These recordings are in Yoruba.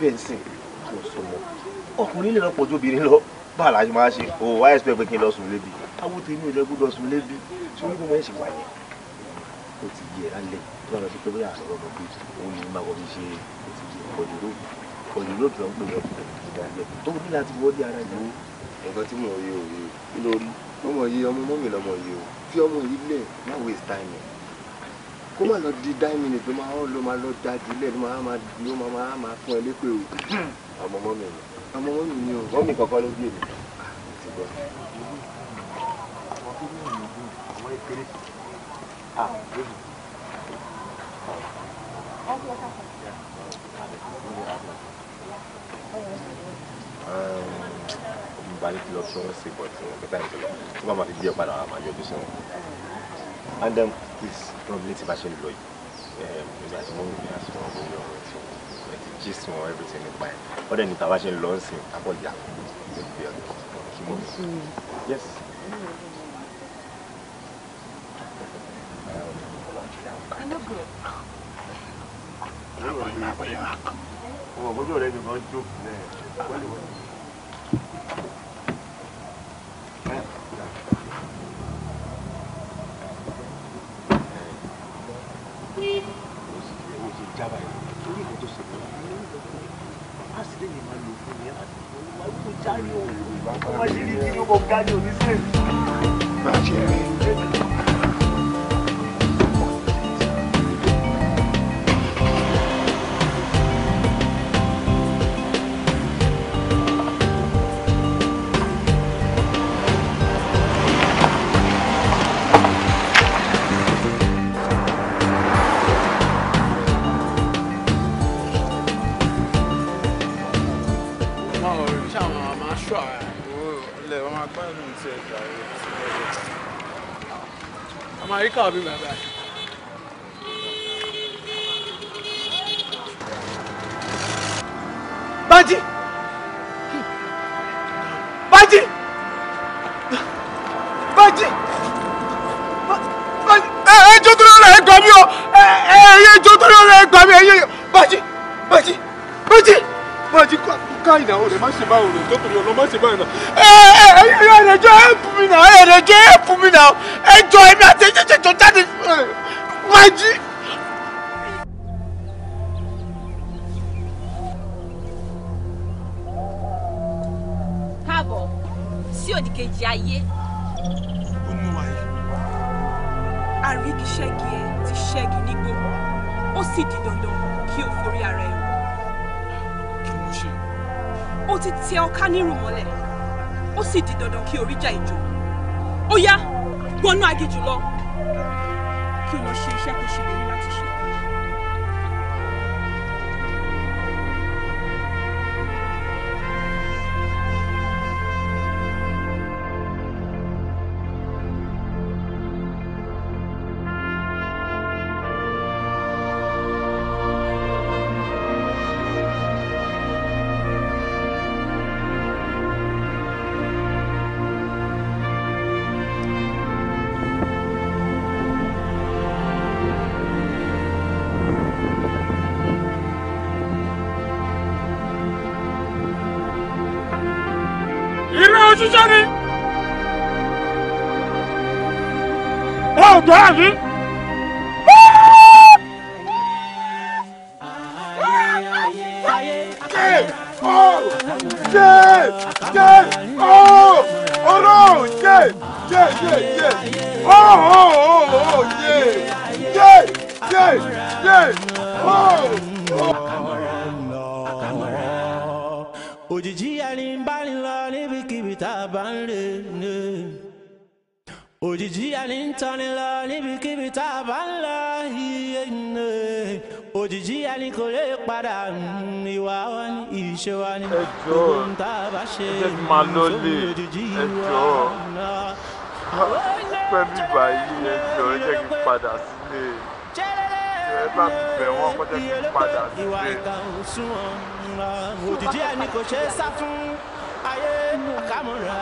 bẹ́ẹ̀ kò sọ mọ́ ọkùnrin lè lọ́pọ̀ ju obìnrin lọ báà láti máa ṣe o wá expect pé kí n lọ sùn lébi àwọn tèmi ò lọ sùn lébi tí orí gbọ́dọ̀ ṣe wáyé ó ti yẹ lálẹ́ tó bá lọ sí pé bóyá àṣọ ọmọ bíi òun ni máa kọ́ni ṣe ó ti yẹ kọjú lóògùn kọjú lóògùn ló ń pè lọ tó ní láti wọ́dí ara yìí. nǹkan tí mo rí òye kí ló ọmọ yìí ọmọ mọ́mì lọmọ yìí o fi ọmọ yìí lẹ̀ kó má lọ di dáì mìnì tó máa lọ máa lọ da jùlẹ̀ ló máa máa ló máa máa fún ẹ lépè o. ọmọ mọ́ mi ni. ọmọ mọ́ mi ni o. mọ́ mi kọ́kọ́ ló bí èmi. n ba ni kí lọ sọ sí bọ̀ tí wọn bẹ tó lọ wọn bá fi gbé ọ padà máa yọjú sí wọn and then this don't let him actually lọ yìí nígbà tí mo ń gbé aṣọ ọgbọ́n ní ọ̀rọ̀ everything nípa ẹ̀ ọ̀dẹ̀ níta bá ṣe ń lọ sí àbọ̀ ìyá níbi ọ̀dọ̀ kí mo mi. yes. ọmọ bójú rẹ ni wọn jókòó náà wọlé jáde òun ọmọ ṣe ní kí ló kọ gáàdì òní sẹ́yìn. bá a Tabii Mehmet. Banji! Banji! Banji! Banji! Ẹ jọ tó lọ́rọ̀ ẹ gbà mí o! Ẹ jọ tó lọ́rọ̀ ẹ gbà mí ẹyẹ! Banji! Banji! Banji! Banji ká ìnáwó rẹ̀ má ṣe bá òun rẹ̀ tó torí ọ̀nà má ṣe bá ìnáwó. Ẹ ẹ ẹ ẹ̀rẹ̀ jọ ẹ̀ fún mi náà! Ẹ̀rẹ̀ jọ ẹ̀ fún mi náà! máa jí. káàbọ̀ sí òdìkejì ayé. ó mú wa yìí. ẹ ti ṣẹ́gi nígbó ó sì di dandan kí o forí ara ẹ kí ló ṣe. ó ti tẹ ọká nírù mọ́lẹ̀ ó sì di dandan kí o rí jà ó yá gbọ́nú aginjù lọ kí o lọ ṣe iṣẹ́ tó ṣe lórí láti ṣe. ṣiṣẹ́ ni. ẹ ò òjijì ẹni kò lè padà ìwà wa ni ìṣe wa ni ohun tá a bá ṣe ìṣòro òjijì ìwà náà. pẹ́ẹ́mì báyìí ẹjọ́ ẹ jẹ́ kí n padà sílé ẹ bá bẹ̀ wọ́n kó jẹ́ kí n padà sílé. ìwà ìkà ò sunwọ̀n òjijì ẹni kò ṣe é sá fún ayé àkàmọ́ra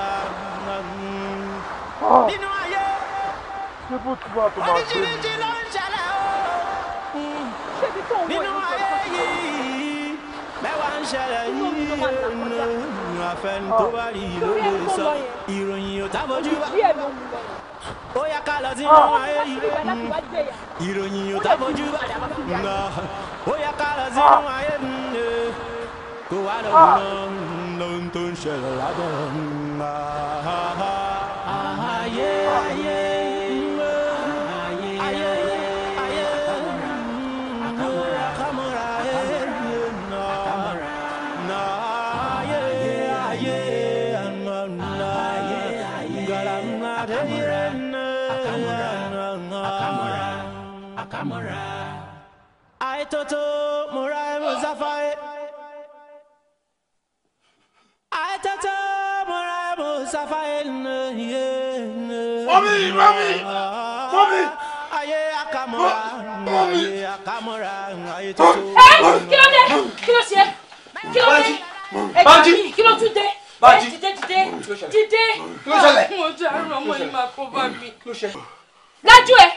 nínú ayé oníjìnìjì ló ń ṣe nínú ah. ayé yìí mẹ́wàá ń ṣẹlẹ̀ yìí nínú àfẹn tó bá rí i ló lè sọ ìròyìn ò tábójú bá ó yá ká lọ sínú ayé yìí ìròyìn ò tábójú bá ó yá ká lọ sínú ayé yìí kó wá lọ́wọ́ náà lóhun tó ń ṣẹlẹ̀ lábẹ́ ọ̀hún. mọ́ra. àìtótó múra ẹ̀mú sáfárì. àìtótó múra ẹ̀mú sáfárì nìyé. mọ́mí mọ́mí mọ́mí. ayé akamọ́ra ayé akamọ́ra àìtótó. ẹ eh, kí ló dé kí ló ṣe kí ló dé ẹ gbà mí kí ló tún dé bájí dìde eh, dìde dìde kí ló ṣẹlẹ̀. Ah, mo jẹ àrùn ọmọ yìí máa kó bá mi. lájú ẹ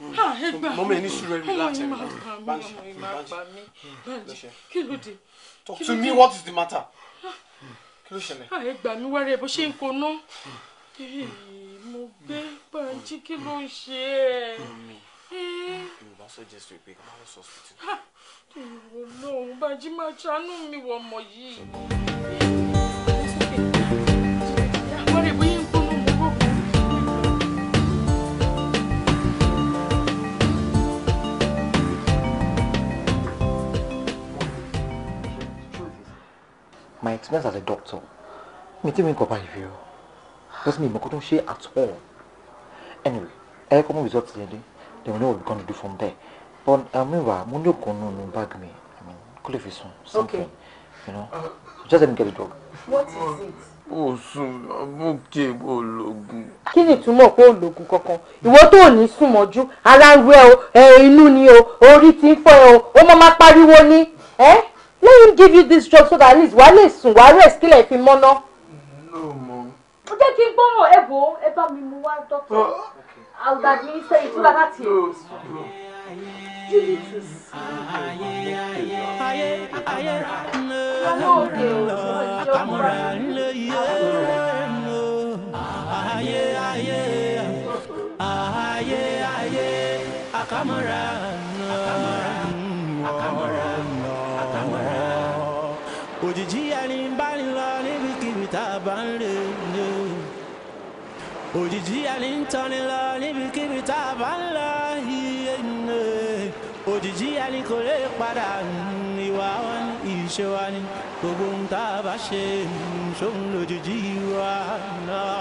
mọ́mọ́ ẹ ní sùúrù relax ẹ relax banji banji hmm, kí talk to me what is the matter hmm, kí ṣẹlẹ̀. ẹ gbà mí wá rẹ bó ṣe ń koná hmm. mo gbé banji kí ló ń ṣe ẹ. yorùbá suggest pé ká má lọ sọ hospital. ìwọ lóhùn banji máa ṣàánú mi wọ̀ ọmọ yìí. experience as a doctor mi tí mi kọ̀ bá ìfẹ́ o because me, ìmọ̀kọ́ tó ń at all anyway I come mú result yẹn dé then we know what we gonna do from there but I meanwhile mo ní oògùn nínú bag me. i mean kó lè fi sùn something you know so just let me get the drug. what is it? ó sùn mú kí èbó lògùn. kí ni ìtumọ̀ pé ó lògùn kankan ìwọ tó ara ń wẹ o e, inú ni o orí ti ń fọ́ ẹ o ó mọ́ máa pariwo Eh? let him give you this job so that at least wàá lè sùn wàá rest kílẹ̀ fi mọ́ná. no mom. Okay, jẹ́ kí n gbọ́ràn ẹ bò ó I'll bá mi say wá dọ́kítọ̀ oh, I will administer it so that that thing will Ojiji ẹni bá ní lọ níbikíbi tá a bá ń lè lè òjijì ẹni ń tọ́ni lọ níbikíbi tá a bá ń lọ iye nìyẹn òjijì ẹni kò lè padà ìwà wa ní ìṣe wa ní gbogbo ohun tá a bá ṣe ṣóun lòjijì wa náà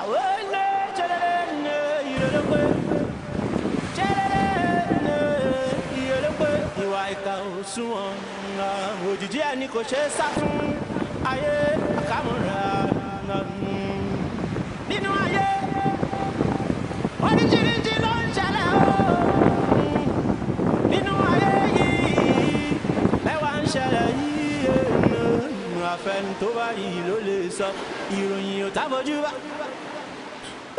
àwọn ilé jẹlẹlẹ. òṣùwọ̀n òjìjí ẹni kò ṣeé sá fún ayé àkàmúra nínú ayé oríṣiríṣi ló ń ṣẹlẹ̀ o nínú ayé yìí lẹ́wà ń ṣẹlẹ̀ yìí àfẹn tó bá yìí ló lè sọ ìròyìn ò tábójú bá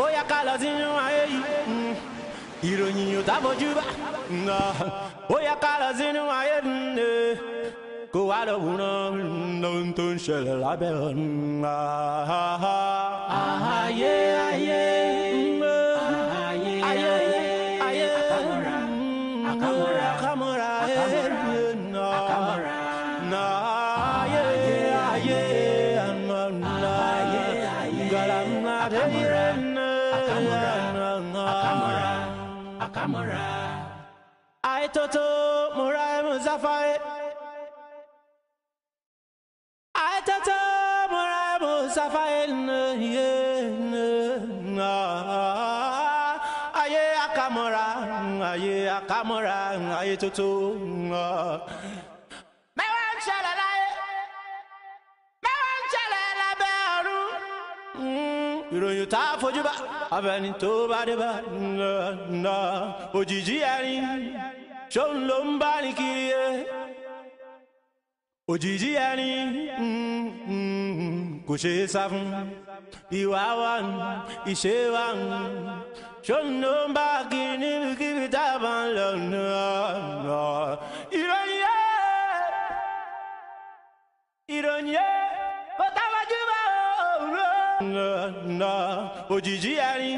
ó yá ká lọ sínú ayé yìí ìròyìn yóò táfojú bá ǹgà ó zinu ayende lọ sínú ayé ǹdè kó wá lọ wúran ah tó ah ṣẹlẹ̀ lábẹ́ ọ̀nà. tótó múra ẹmu sáfárẹ́. àìtótó múra ẹmu sáfárẹ́ nìyẹ nà. ayé akamọ́ra ayé akamọ́ra ayé tótó. mẹ́wàá ń ṣẹlẹ̀ láyé mẹ́wàá ń ṣẹlẹ̀ lábẹ́ ọ̀run. Hmm, ìròyìn tá a fojú bá abẹni tó bá dé bá òjijì ẹni ṣóun ló ń bá ní kiri ẹ òjijì ẹni kò ṣeé sá fún ìwà wa ìṣe wa ṣóun ló ń bá kiri níbi kíbi tá ń lọ nù ìròyìn ẹ ìròyìn ẹ kò táwájú bá òru. òjijì ẹni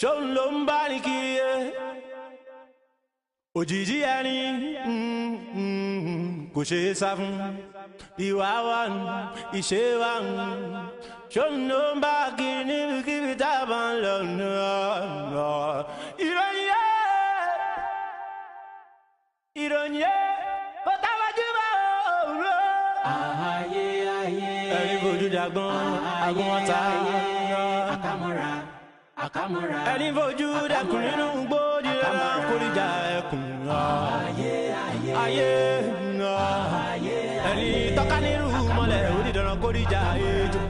ṣóun ló ń bá ní kiri ẹ òjijì ẹni mm, mm, kò ṣe é sá fún ìwà wa ìṣe wa ṣóun ló ń bá kiri níbi kíbi tá a bá ń lọ nù ọ. ìròyìn ẹ ìròyìn ẹ kò táwájú bá òru. ààyè ààyè ẹni fojú dàgbọ́n àgùn ọ̀tá àkàmọ́ra àkàmọ́ra ẹni fojú dàkùn nínú gbòdì rẹ̀ kórìjà ẹkùn. Aye, ayé ẹni tọ́ka nírú mọ́lẹ̀ ó di dandan kó díjà ejò.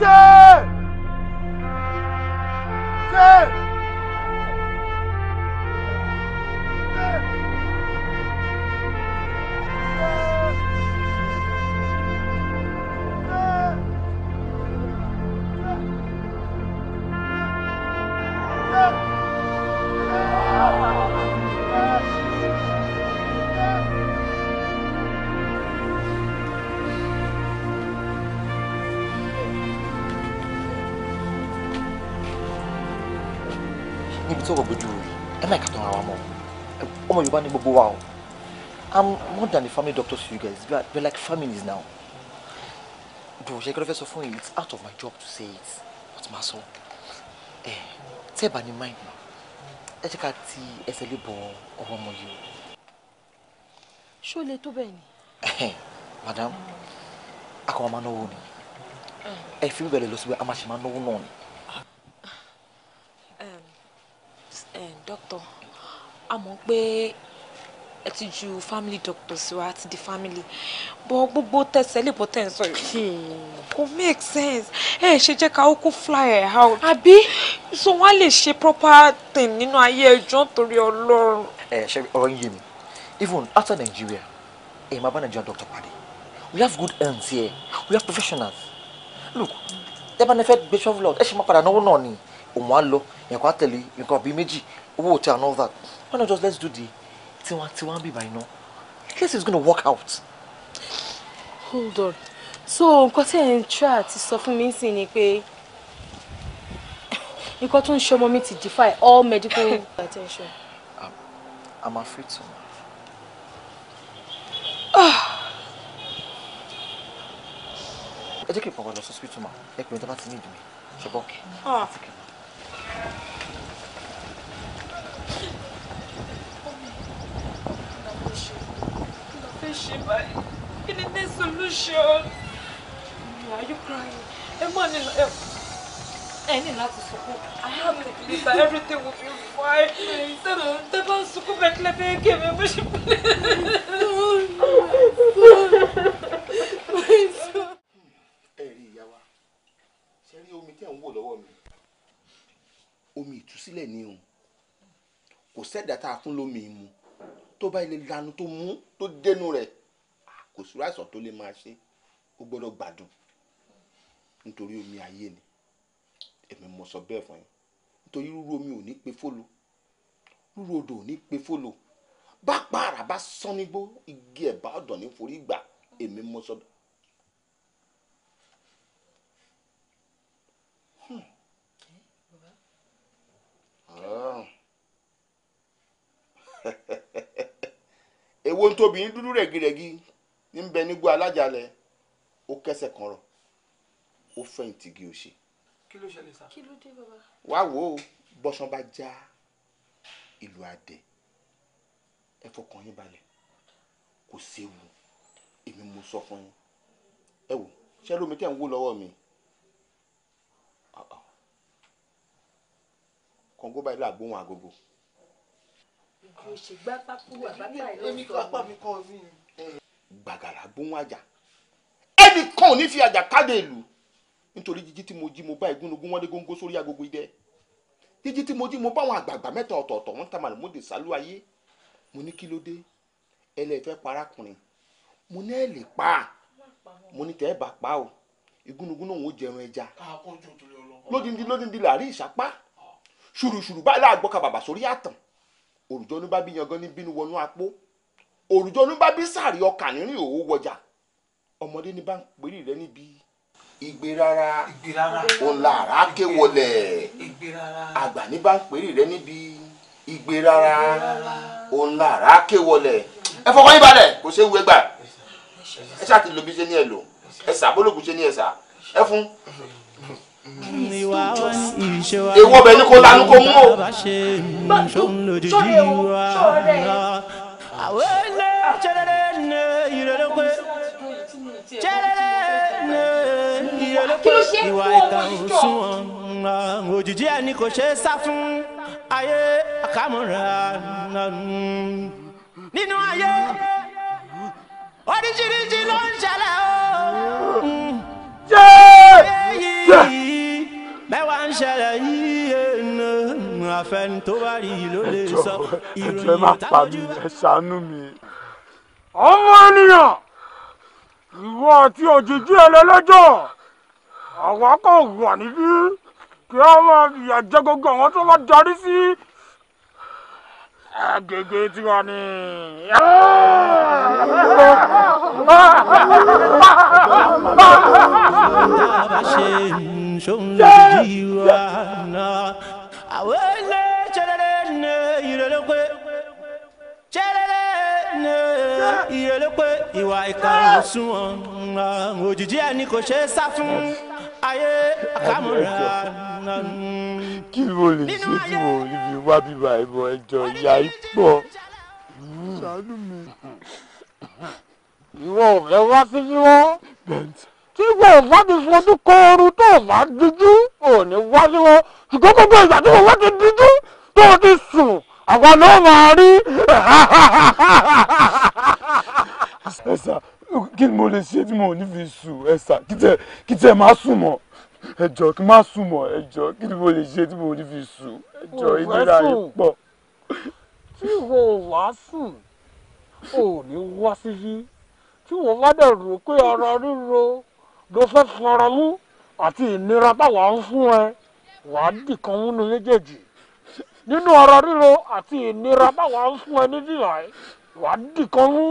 Yeah! Yeah! Amen. Yorùbá gbogbo wa o I'm more than a family doctor to you guys we are, we are like families now dùn ṣe kí ló fẹ́ sọ fún yìí it's out of my job to say it but máa sọ ẹ tẹ́ ẹ bá ní mind ma ẹ jẹ́ ká ti ẹsẹ̀ lè bọ ọwọ́ ọmọ yìí o. ṣó lè tó bẹ́ẹ̀ ni. madam a kò máa náwó ni eh. ẹ fi bẹ̀rẹ̀ lọ sí pé a máa máa náwó náà ni. a mọ̀ pé ẹ ti ju family doctor sí wa àti the family bọ́ gbogbo tẹ̀sẹ̀ lè bọ́ tẹ̀ ń sọ yìí hmm. kò make sense ẹ ṣe jẹ́ ká ó kó fly ẹ̀ out àbí so wọ́n á lè ṣe proper thing nínú ayé ẹjọ́ torí ọlọ́run. ẹ ṣe ọ̀rọ̀ yìí mi even after Nigeria ẹ máa bá Nigerian doctor pàdé we have good hands here we have professionals look tẹ́bá ní fẹ́ gbé travel out ẹ ṣe máa padà náwó náà ni òun á lọ nǹkan á tẹ̀lé nǹkan àbí méjì owó hotel and all that why not just let's do the tiwa tiwa bí báyìí náà at least it's gonna work out. hold on so nǹkan tí ẹ̀ ń try àti sọ fún mi sí to pé nǹkan tó defy all medical attention. I'm, I'm afraid so. ẹ jẹ́ kí n pọ̀ wọ́n lọ sí hospital ma ẹ pè to tó bá ti ní ìdùnnú ṣùgbọ́n àti fẹ́ ṣe báyìí kí ni ní solution are you crying ẹ mọ̀ ní ẹ ẹ I have to believe that everything will be fine The tẹ̀ bá ń sunkún bẹ́ẹ̀ kílẹ̀ bẹ́ẹ̀ gé mi bó ṣe pẹ́. ẹ rí ìyá wa ṣe rí omi tí ẹ̀ ń wò lọ́wọ́ mi omi ìtúsílẹ̀ ni o kò sẹ́dá tó bá ilé lanu tó mú tó dénú rẹ̀ kò sí ráìsàn tó lè máa ṣe ó gbọ́dọ̀ gbádùn nítorí omi ayé ni èmi mo sọ bẹ́ẹ̀ fún yín nítorí rúru omi ò ní pe fólo rúru odò ò ní pe fólo bá pààrà bá sán nígbó igi ẹ̀bá ọ̀dọ̀ ní forí gbà èmi mo sọ bẹ́ẹ̀ wo ń tóbi ní dúdú rẹ̀gírẹ̀gí ní bẹ nígbó alájàlẹ̀ ó kẹsẹ̀ kan rọ̀ ó fẹ̀yìntì gí o ṣe. kí ló ṣẹlẹ̀ sá. kí ló dé bàbá. wá wo bọ́sán bá já ìlú adẹ ẹ fọkàn yín balẹ̀ kò séwu èmi mo sọ fún yín ẹ wò ṣé lómi tẹ̀ ń wó lọ́wọ́ mi ah, ah. kọ̀ǹgó báyìí làgbóhùn agogo ìjì òṣè gbá pápú àbábá ìlú sọ̀rọ̀. èmi kọ́ apá mi kọ́ ọ̀sìn. gbàgàrà gbóhùn àjà ẹnì kan ò ní fi àjà káde ìlú nítorí jíjí tí mo jí mo bá ìgúnnugún wọn dé góńgó sórí agogo idẹ jíjí tí mo jí mo bá àwọn àgbààgbà mẹ́ta ọ̀tọ̀ọ̀tọ̀ wọn tàmà mo dé sálú ayé mo ní kí ló dé ẹlẹ́fẹ́ parákùnrin mo ní ẹ lè pa á mo ní tẹ́ ẹ bá pa á o ìgúnnugún náà ò jẹun ẹja lódindi lódindi làárí ìsapá ṣùrùṣùrù báyìí láàgbọ́ka bàbà sórí àtàn òrùjọ́nú bá bí yangán ní bínú wọnú apó òrùjọ́nú bá bí sàrí ọkà nírìn òwò wọjà ọmọdé ní bá ń pèrè rẹ níbi igbe rárá ọ̀la àrá ké wọlé àgbà ní bá ń pèrè rẹ níbi igbe rárá ọ̀la àrá ké ẹ fọwọ́ yín balẹ̀ kò ṣe é wúwẹ́ gbà ẹ ṣáà ti lo bí ṣe ní ẹ lò ẹ sà bólógùn ṣe ní ẹ sà ẹ fún ewu ọbẹ̀ ní kó lanú kó mú o. sọ́ọ̀rẹ́ o sọ́ọ̀rẹ́ ìwà ìkà òsùn òjijì ẹni kò ṣeé sá fún ayé àkàmọ́ra nínú ayé oríṣiríṣi ló ń ṣẹlẹ̀ o bẹ́ẹ̀ wá ń ṣẹlẹ̀ yìí ẹ̀nà àfẹn tó bá rí i ló lè sọ ìròyìn ìtàkójú. ẹ ṣàánú mi. ọmọ ènìyàn ìwọ àti òjijì ẹlẹ́lẹ́jọ́ àwa kò wà níbí kí a máa fìyà jẹ gbogbo àwọn tó bá darí sí agbègbè tiwa ni. ìjọba ṣe ń shon la jiwa na òjijì ẹni kò ṣeé sá fún ayé àkàmúra. kí mo lè ṣe tí mo rí mi wá bíbá ìmọ̀ ẹjọ́ ìyá ìpọ̀ ìwọ ò fẹ́ wá sí wọn tí wọn ò bá ti fojú kooru tó o bá díjú ò ní wá sí wọn ṣùgbọ́n gbogbo ìgbà tí wọn bá ti díjú tó o ti sùn àwọn ló máa rí. ẹ sà kí ni mo lè ṣe tí mo ò ní fi sùn ẹ sà kí tẹ máa sùn mọ́ ẹ jọ̀ọ́ kí n má sùn mọ́ ẹ jọ̀ọ́ kí ni mo lè ṣe tí mo ò ní fi sùn ẹ jọ̀ọ́ ìnira yìí pọ̀. tí wọn ò wá sùn ò ní wá sí yí tí wọn bá dẹ̀ rò pé ara ríro ló fẹ́ fọ̀rọ̀ mú àti ìnira táwa ń fún ẹ wàá dìkan nínú méjèèjì nínú ọ̀rọ̀ ríro àti ìnira táwa ń fún ẹ níbí báyìí wàá dìkan mú.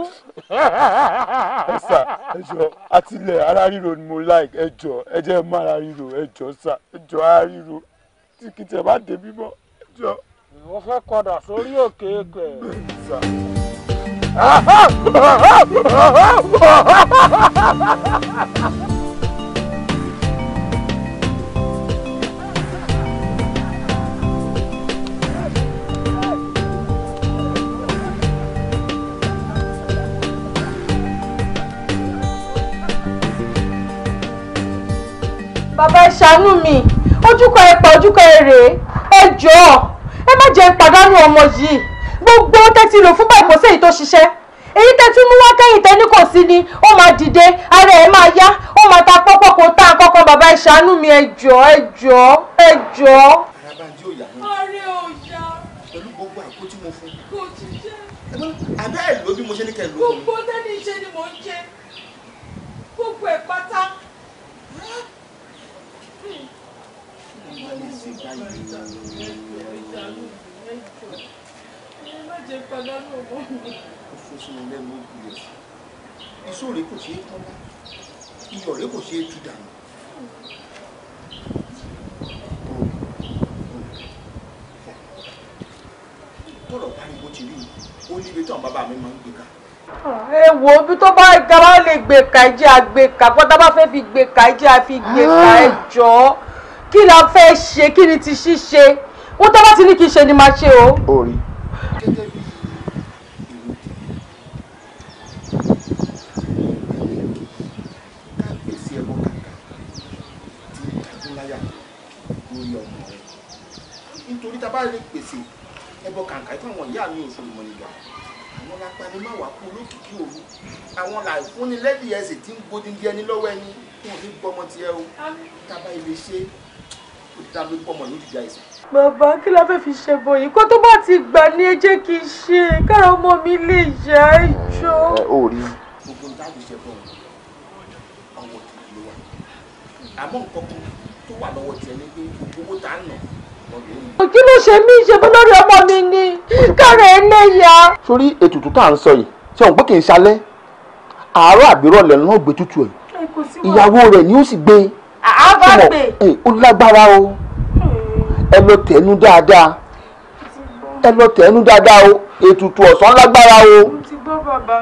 ẹ sà ẹ jọ àtìlẹ̀ ara ríro ni mo like ẹ jọ ẹ jẹ́ mọ́ ara ríro ẹ jọ sà ẹ jọ ara ríro tí kìtẹ̀ bá dé bímọ ẹ jọ. ìwọ fẹ́ kọdà sórí òkè èkè. Ha ha ha ha ha ha ha ha ha! bàbá ẹ ṣàánú mi ojúkọ ẹ pa ojúkọ ẹ rèé ẹ jọ̀ọ́ ẹ má jẹ́ pàdánù ọmọ yìí gbogbo tẹ́tí lò fún báyìí kò sí èyí tó ṣiṣẹ́ èyí tẹ́tí mú wá kẹ́yìn tẹ́ ní kò sí ni ó máa dìde ara ẹ̀ máa yá ó máa ta pọ́pọ́ kó tá àkọ́kọ́ bàbá ẹ ṣàánú mi ẹ jọ̀ọ́ ẹ jọ̀ọ́ ẹ jọ̀ọ́. ọ̀rẹ́ ò yá. pẹ̀lú gbogbo àpò tí mo fún. kò ṣiṣẹ́. àbẹ́ ẹ̀ ló bí mo ṣe ní kẹ́ ló. gbogbo tẹ́ni ṣe ni mò ń jẹ gbogbo ẹ̀ pátá wọ́n lè ṣe báyìí. ó fọ́sùn kò ṣeé tọ́lá iyọ̀ rẹ̀ kò ṣeé tú dànù. ti rí o ní ibi tí àwọn bàbá mi máa ń gbé ká ẹ bí tó bá ga lè gbèkà ẹ jẹ́ àgbèkà kó bá fẹ́ fi gbèkà ẹ jẹ́ àfi gbèkà ẹ jọ̀ọ́ kí la fẹ́ ṣe kí ni ti ṣíṣe wọ́n tó bá ti ní kí n ṣe ni máa ṣe o. orí. nítorí tá a bá lè pèsè ẹbọ kàǹkà tí àwọn ìyá mi ò sọ̀rọ̀ mọ́ nígbà àwọn apanimọ̀wá kú olókìkí òru àwọn làìfúnni ẹ̀sìn tí ń gbódìndí ẹni lọ́wọ́ ẹni wọn ò ní gbọ́mọ tiẹ̀ o tá a bá lè ṣe ó dá lórí pọ̀ mọ́ ló dìjà ìsìn. bàbá kí la fẹ́ fi ṣe bọ̀ yìí kó tó bá ti gbà ní ẹ jẹ́ kí n ṣe kára ọmọ mi lè yá ìjọ. ẹ ò rí. gbogbo nǹkan àbí ṣe bọ̀ ọwọ́ tuntun ló wà àmọ́ nǹkan kan tó wà lọ́wọ́ tiẹ̀ ní pé owó tá a nà kí ló ṣe mí ṣe bó lórí ọmọ mi ni kára ẹ lẹ́yà. sórí ètùtù tá à ń sọ yìí ṣe òun pé kì í ṣalẹ́ àárọ̀ àbírọ̀ lẹ́nu náà gbé àbágbè. ó lágbára o hmm. ẹ lọ tẹnu dáadáa ẹ lọ tẹnu dáadáa o ètùtù ọ̀sán lágbára o. mo ti gbọ́ bàbá.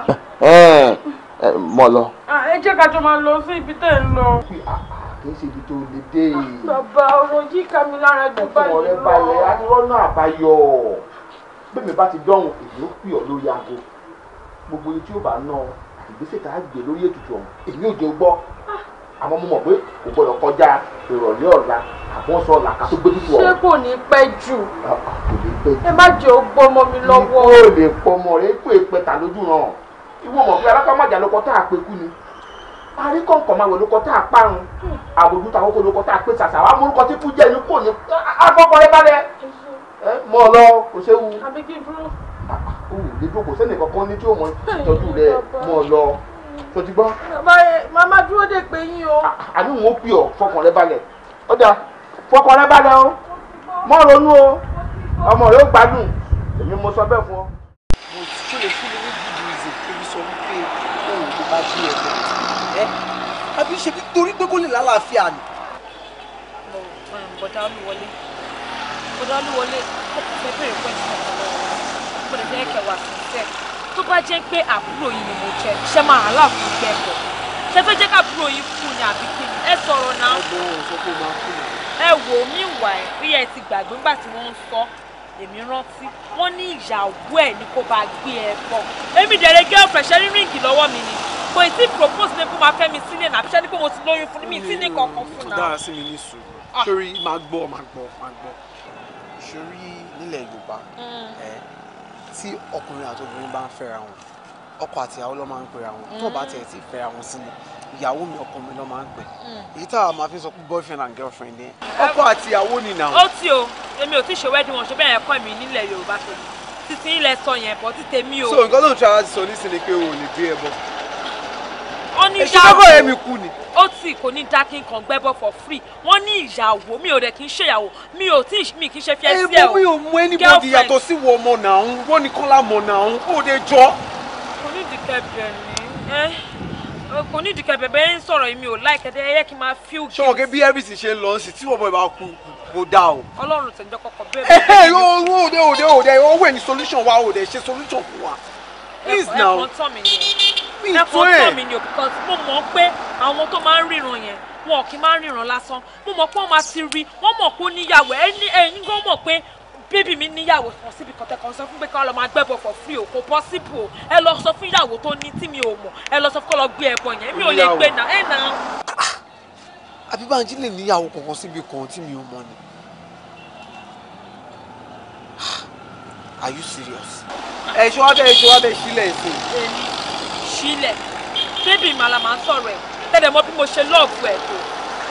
mọ lọ. ẹ jẹ́ ká jọ máa lọ sí ibi tẹ́ ẹ ń lọ. kì í ṣe ibi tó lè dé. bàbá ọ̀rọ̀ yìí ká mi lára ẹjọ́ báyìí lọ. ọkọ rẹ balẹ̀ adúrọ́nà àbáyọ bẹ́ẹ̀ mi bá ti dọ́hùn èdè ó pè ọ́ lórí aago gbogbo iye tí ó bá ná ìgbésẹ̀ tá a gbé lórí ètùtù ọ̀hún èmi ò jẹ́ gbọ́ àmọ́ mo mọ̀ pé kò gbọ́dọ̀ kọjá ìrọ̀lẹ́ ọ̀la àbọ̀sọ ọ̀la ká tó gbójú tó ọ̀la. ṣé kò ní pẹ́ jù. Ah, ah, kò ní pẹ́ jù. ẹ má jẹ́ ó gbọ́mọ mi lọ́wọ́. kò lè pọmọ rẹ kó e pẹta lójú ràn ìwọ mọ̀ pé alákàmájà lọkọ tá a pe kú ni parí kọ̀ǹkọ̀ máa wẹ̀ lóko tá a parun àbòjú tàwọn kò lóko tá a pè sàṣà wa mú orúkọ tí kú jẹ́ ní kò ní akọ́kọ́ rẹ balẹ̀ mọ́ ọ lọ kò tó ti gbọ́. màmá dúró dè pé yín o. Ah, ah, àní wọn ò pè ọ fọkàn rẹ balẹ̀ ó dáa fọkàn rẹ balẹ̀ o mọ ronú o ọmọ rẹ ó gbádùn èmi mo sọ bẹ́ẹ̀ fún ọ. mo tún lè fún mi ní gidi ìzè kébí sọ wípé òun kò bá jí ẹ̀fọ́ ẹ àbí ṣe bí torí pé kó lè lálàáfíà ni. bọ̀dá olúwọlé bọ̀dá olúwọlé ó kò fẹ́ bẹ̀rẹ̀ pẹ́ẹ́sì ọ̀pọ̀lọpọ̀ mo lè fẹ́ kẹwàá sí sẹ́ẹ̀ tó bá jẹ́ pé àbúrò yìí ni mo jẹ́ ṣe máa hàn láàfin gbẹ̀bọ̀ ṣe fẹ́ jẹ́ káàbúrò yìí kú ni àbí kí ni ẹ sọ̀rọ̀ náà. ẹ wò mí wà ẹ bí ẹ ti gbàgbé nígbà tí wọ́n ń sọ èmi rántí wọ́n ní ìyàwó ẹ̀ ní kó bá gbé ẹ bọ̀ èmi dẹ̀rẹ̀ girlfriend ṣe rí ríǹgì lọ́wọ́ mi ni kò ì tí propose ní kó máa fẹ́ mi sílẹ̀ náà àbíṣẹ́ ni pé mo ti lóyún fún mi tí ní kankan fún náà. dára sí mi ní sùúrù sórí máa gbọ́ máa gbọ́ máa gbọ́ sórí nílẹ̀ Yorùbá hmm. ẹ̀ tí ọkùnrin àti obìnrin bá ń fẹ́ra wọn ọkọ àti ìyàwó ló máa ń pera wọn tó bá tiẹ̀ ti fẹ́ra wọn sílẹ̀ ìyàwó mi ọkọ mi ló máa ń pè hmm. èyí tá a máa fi sọ pé boyfriend and girlfriend ni ọkọ àti ìyàwó ni nà. ó ti o èmi ò tí ì ṣe wedding wọn ṣe bẹ́ẹ̀ ẹ̀kọ́ mi nílẹ̀ yorùbá tó títí ilẹ̀ sọ yẹn bọ́ títẹ̀ mi o. so nǹkan tó ń tra ti sọ nísìnyí pé o ò lè gbé ẹ bọ ó ní ìyàwó ìṣúgbọ́gọ̀ èmi kú ni. ó tì kò ní dákin kan gbẹ́bọ̀ for free wọ́n ní ìyàwó mi ò rẹ̀ kí n ṣèyàwó mi ò tí mi kì í ṣe fi ẹ sí ẹ o. èmi ò mú anybody yàtọ̀ sí wo ọmọ náà ń wọ́n ní kọ́lá mọ̀ náà ń kó de jọ. kò ní ìdíkẹ́ bẹ̀ ni kò ní ìdíkẹ́ bẹ̀ bẹ́ẹ̀ ń sọ̀rọ̀ èmi ò láì kẹ́tẹ́ ẹ̀yẹ́ kí n máa feel guilty. sọ̀rọ̀ kí bí everything ṣe ń lọ sí tí ọmọ ìbá kú kò dá o. ọlọ́run tẹ̀jọ́ kọ̀ọ̀kan bẹ́ẹ̀. ẹ ẹ owó òde òde òde owó ẹ̀ ní please now ẹ̀fọ́ tọ́ ni o mo mọ̀ pé àwọn tó máa ń ríran yẹn wọn kì í máa ń ríran lásán mo mọ̀ pé wọ́n máa ti rí wọ́n mọ̀ pé ó níyàwó ẹni ẹni gan mọ̀ pé bébì mi níyàwó kan síbi kan sọ fún pé ká lọ máa gbẹ́bọ̀ for free o kò possible o ẹ lọ sọ fún ìyàwó tó ní tí mi ò mọ̀ ẹ lọ sọ fún kọ́ lọ gbé ẹbọ yẹn mi ò lè gbé nà ẹ̀ nà. àbíbáńjí lè níyàwó kankan síbi kan tí mi ò mọ̀ ni Are you serious? Ah. ẹ ṣọ́ abẹ́ ṣọ́ abẹ́ sílẹ̀ ẹ̀sìn sílẹ̀ bébì màlà máa ń sọ̀rọ̀ ẹ̀ tẹ́lẹ̀ mọ́ bí mo ṣe lọ́ọ̀fù ẹ̀ tó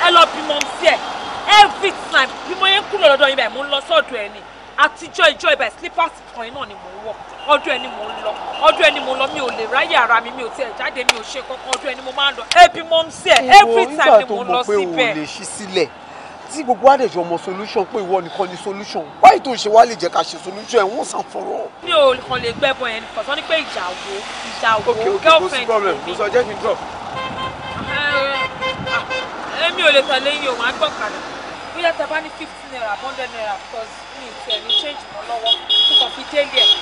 ẹ lọ bí mo ń sí ẹ̀ every time bí mo yẹn kúrò lọ́dọ̀ yín báyìí mo ń lọ sọ́dọ̀ ẹ̀ ni àtijọ́ ìjọ ibà slippers kan náà ni mò ń wọ̀ ọdún ẹni mò ń lọ ọdún ẹni mò ń lọ mi ò lè ráyè ara mi mi ò tiẹ̀ jáde mi ò ṣe kankan ọdún ẹni mo máa ń lọ ẹbí mo ń sí ẹ every time ni mo ń lọ síbẹ̀. ìwọ nígbà tó mọ̀ pé o ò lè ṣí sílẹ̀ tí gbogbo wa lè jọ mọ solution pé ìwọ nìkan ni solution wáyé tó ń ṣe wá lè jẹ ká ṣe solution ẹ wọn sàn fọ̀rọ̀. mi ò kàn lè gbẹ bọ yẹn nìkan sọ ni pé ìjàwó ìjàwó girlfriend mi. mo sọ jẹ́ kí n drop. èmi eh, eh, ah, eh, ò lè tẹ̀lé yín o màá gbọ́ kàdà bóyá tẹ bá ní fifty naira hundred naira because mi ì tẹ̀ ní change mọ́ lọ́wọ́ tó kàn fi délé ẹ̀.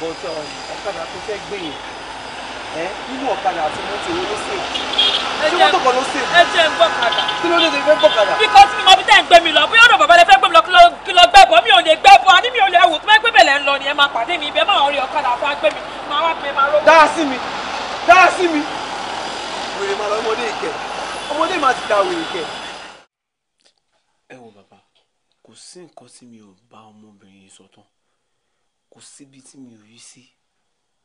bọ́sọ̀ um, ọ̀kadà tó fẹ́ gbé yẹn nínú ọ̀kadà àti mọ́tò owó ló ṣèjì ṣé mọ́tò kan ló sè. ẹ jẹ́ ń gbọ́kadà. kí ló dé tó fẹ́ gbọ́kadà. because mi mọ bí tẹ́ ń gbé mi lọ bóyá ọ̀dọ̀ bàbá lẹ fẹ́ gbé mi lọ kí lọ gbẹ́bọ̀ mi ò lè gbẹ́bọ̀ àní mi ò lè wò tó fẹ́ gbé bẹ̀lẹ̀ ń lọ ni máa pàdé mi ibẹ̀ máa rí ọ̀kadà fún agbé mi máa wá pé máa rọ́ọ̀. dáa sí mi dáa sí mi. wèrè máa lọ ọmọdé ìkẹ ọmọdé máa ti da wèrè kẹ. ẹ wo bàbá kò sí nǹkan tí mi ò bá ọmọbìnrin yìí kò síbi tí mi ò yí sí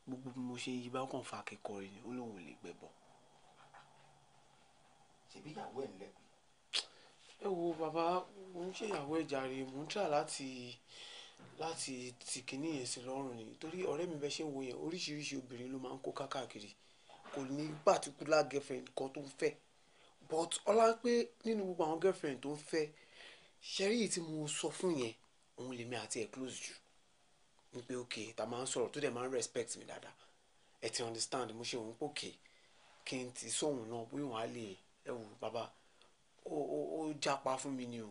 gbogbo bí mo ṣe yí bá kàn fa akẹ́kọ̀ọ́ rẹ̀ ni ó lóun ò lè gbẹ̀bọ̀ ṣèbí ìyàwó ẹ̀ ń lẹ́pẹ́. ẹ wo bàbá mo ń ṣèyàwó ẹ̀ jàre mo ń tà láti láti tì kínní yẹn sí lọ́rùn ni torí ọ̀rẹ́ mi bẹ́ẹ̀ ṣe ń wo yẹn oríṣiríṣi obìnrin ló máa ń kó káàkiri kò ní particular girlfriend kan tó ń fẹ́ but ọlá pé nínú gbogbo àwọn girlfriend tó ń fẹ́ ṣẹ́rí tí mo sọ fún yẹn òun lèmi àti ẹ̀ close jù ní pé ok ta máa ń sọ̀rọ̀ tó dẹ̀ máa ń respect mi dáadáa ẹ ti understand mo ṣe òun pòkè kí n ti sóhun náà bóyá òun á lè ẹ wò bàbá ó ó ó jápa fún mi ni o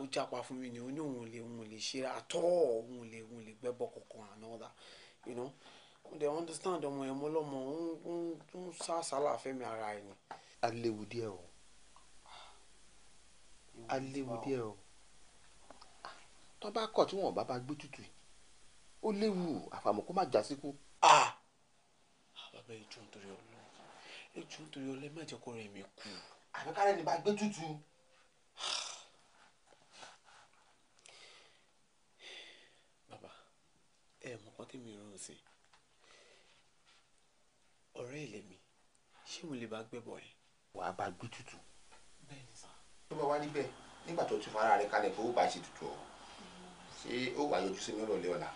ó jápa fún mi ni o ní òun lè òun lè ṣe àtọ́ òun lè òun lè gbẹ́bọ̀ kankan and all that you know mo dey understand ọmọ yẹn mo lọ́mọ ń ń sá sálà fẹ́mi ara ẹ̀ ni. aléwu díẹ̀ o aléwu díẹ̀ o tó bá kọ̀ tí wọ́n bá bá gbé tutù ó léwu àfàmọ́ kó má jásíkú. Ah! ah bàbá ìjọ nítorí ọlọ́ ẹ jù nítorí ọlẹ má jẹ́ kó rẹ̀ mi kú. àbíkárẹ́ ni bá gbé tútù. bàbá ẹ mọ kán tí mi rán sí ọ̀rẹ́ ilé mi ṣé mo lè bá gbẹbọ ẹ. wàá bá gbé tútù. bẹ́ẹ̀ni sá. tó bá wá níbẹ̀ nígbà tó ti fara rẹ̀ kalẹ̀ fowó bá ṣe tutù ọ ṣé ó wà yọjú sí mi rọ̀lẹ́ ọ̀la.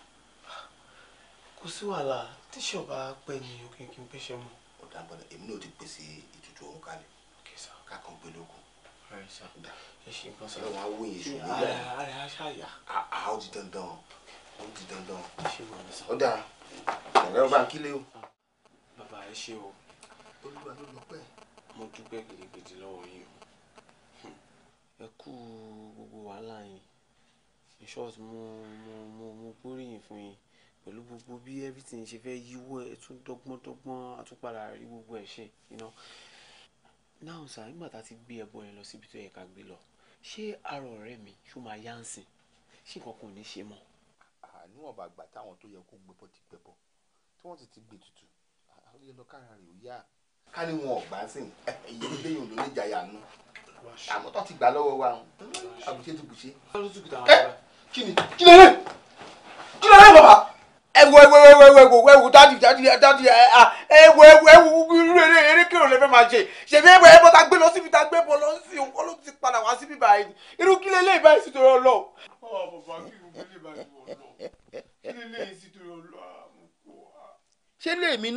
kò sí wàhálà tíṣọ̀ bá pẹ́ ni òkè kí n pẹ́ mọ́ dágbọ́n èmi náà ti pèsè ìtùtù ọ̀hún kalẹ̀ kákan gbé lókun. ẹ ṣe nǹkan sọ. ọlọ́run awó yẹn ṣùgbọ́n yá. ara aṣá yá. àá ó di dandan ó di dandan. ó dáa ọ̀rẹ́ ọba kílé o. bàbá ẹ ṣe o. olúwa ló lọ pẹ́. mo dúpẹ́ gidigidi lọ́wọ́ yín o. ẹ kú gbogbo wàhálà yín in short mo mo mo mo gbóríyìn fún yín pẹ̀lú gbogbo bí everything ṣe fẹ́ yíwọ́ ẹ tún dọ́gbọ́n dọ́gbọ́n àtúnpadà rí gbogbo ẹ̀ ṣe you know. náà sà nígbà tá a ti gbé ẹbọ yẹn lọ síbi tó yẹ ká gbé lọ ṣé arọ ọ̀rẹ́ mi ṣó máa yá ń sìn ṣé nǹkan kan ò ní ṣe mọ́. àníwọ̀n bá gbà táwọn tó yẹ kó gbébọ ti gbébọ tí wọ́n sì ti gbé tutù àwọn yẹn lọ kára rè ó yá. ká ní wọn ọgbà sí ẹyẹ lẹ́yìn òdò níjà yà nù àmọ́ ti gbà lọ́wọ́ wa àbùṣe ti bùṣe. kí ni kí ni ẹwù ẹwù ẹwù ẹwù ẹwù ẹwù dáàdì dáàdì dáàdì ẹwù ẹwù ẹwù irú eré eré kírò lè fẹ́ máa ṣe ṣèbí ẹwù ẹbọ tá gbé lọ síbi tá gbé bọ lọ sí òkú ló ti padà wá síbi báyìí irú kí lè léyìí báyìí sítorí ọlọ. ọ bàbá kí gbogbo lè báyìí wọ lọ kí lè léyìí sítorí ọlọ àmukọ. ṣé lèmi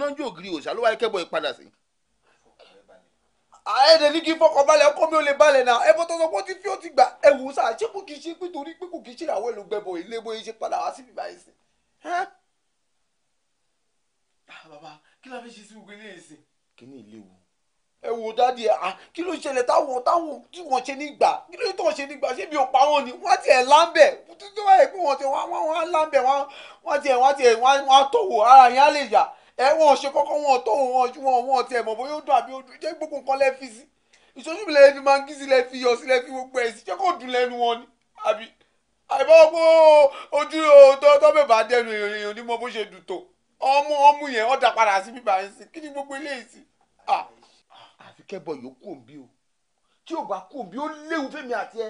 ah, ní kí fọkàn balẹ̀ ọkọ mi ò lè balẹ̀ náà ẹ̀bọ tó sọ ti fi ó ti gbà ẹ̀wù sáà ṣé kò kì í ṣe pé torí pé kò kì í ṣe ìràwọ̀ ẹ̀ ló gbẹ̀bọ̀ yìí ṣe padà wá síbi báyìí sí. Ah, bàbá kí la fẹ́ ṣe sí gbogbo eléyìí sí. kí ni ìléwu. ẹ wo dáàdi à kí ló ṣẹlẹ̀ táwọn táwọn tí wọ́n ṣe nígbà kí ló tó ṣe nígbà ṣé bí o pa wọn ni wọ́n ti ẹ̀ láńbẹ̀ tó bá yẹ pé wọ́n ti wọ́n á láńbẹ̀ wọ́n ti ẹ̀ wọ́n ti ẹ̀ wọ́n á tọ̀wọ̀ ara yẹn á lè yà ẹ wọ́n ṣe kọ́kọ́ wọn tọ̀wọ̀ wọn ju wọn wọn ti ẹ̀ mọ̀ bóyá ó dùn àbí ó dùn jẹ́ gbogbo nǹkan lẹ́ fi sí ìṣojú mi lẹ́yìn fi máa ń kí sí lẹ́ fi yọ sí lẹ́ fi gbogbo ẹ̀ sí jẹ́ kó dùn lẹ́nu wọn ọmú ọmú yẹn ọ̀dà padà sí bíbá ẹ̀ sí kí ni gbogbo eléyìí sí. àfi kẹ́bọ̀ yóò kú òǹbí o tí ò bá kú òǹbí ó léwu fẹ́mi àti ẹ.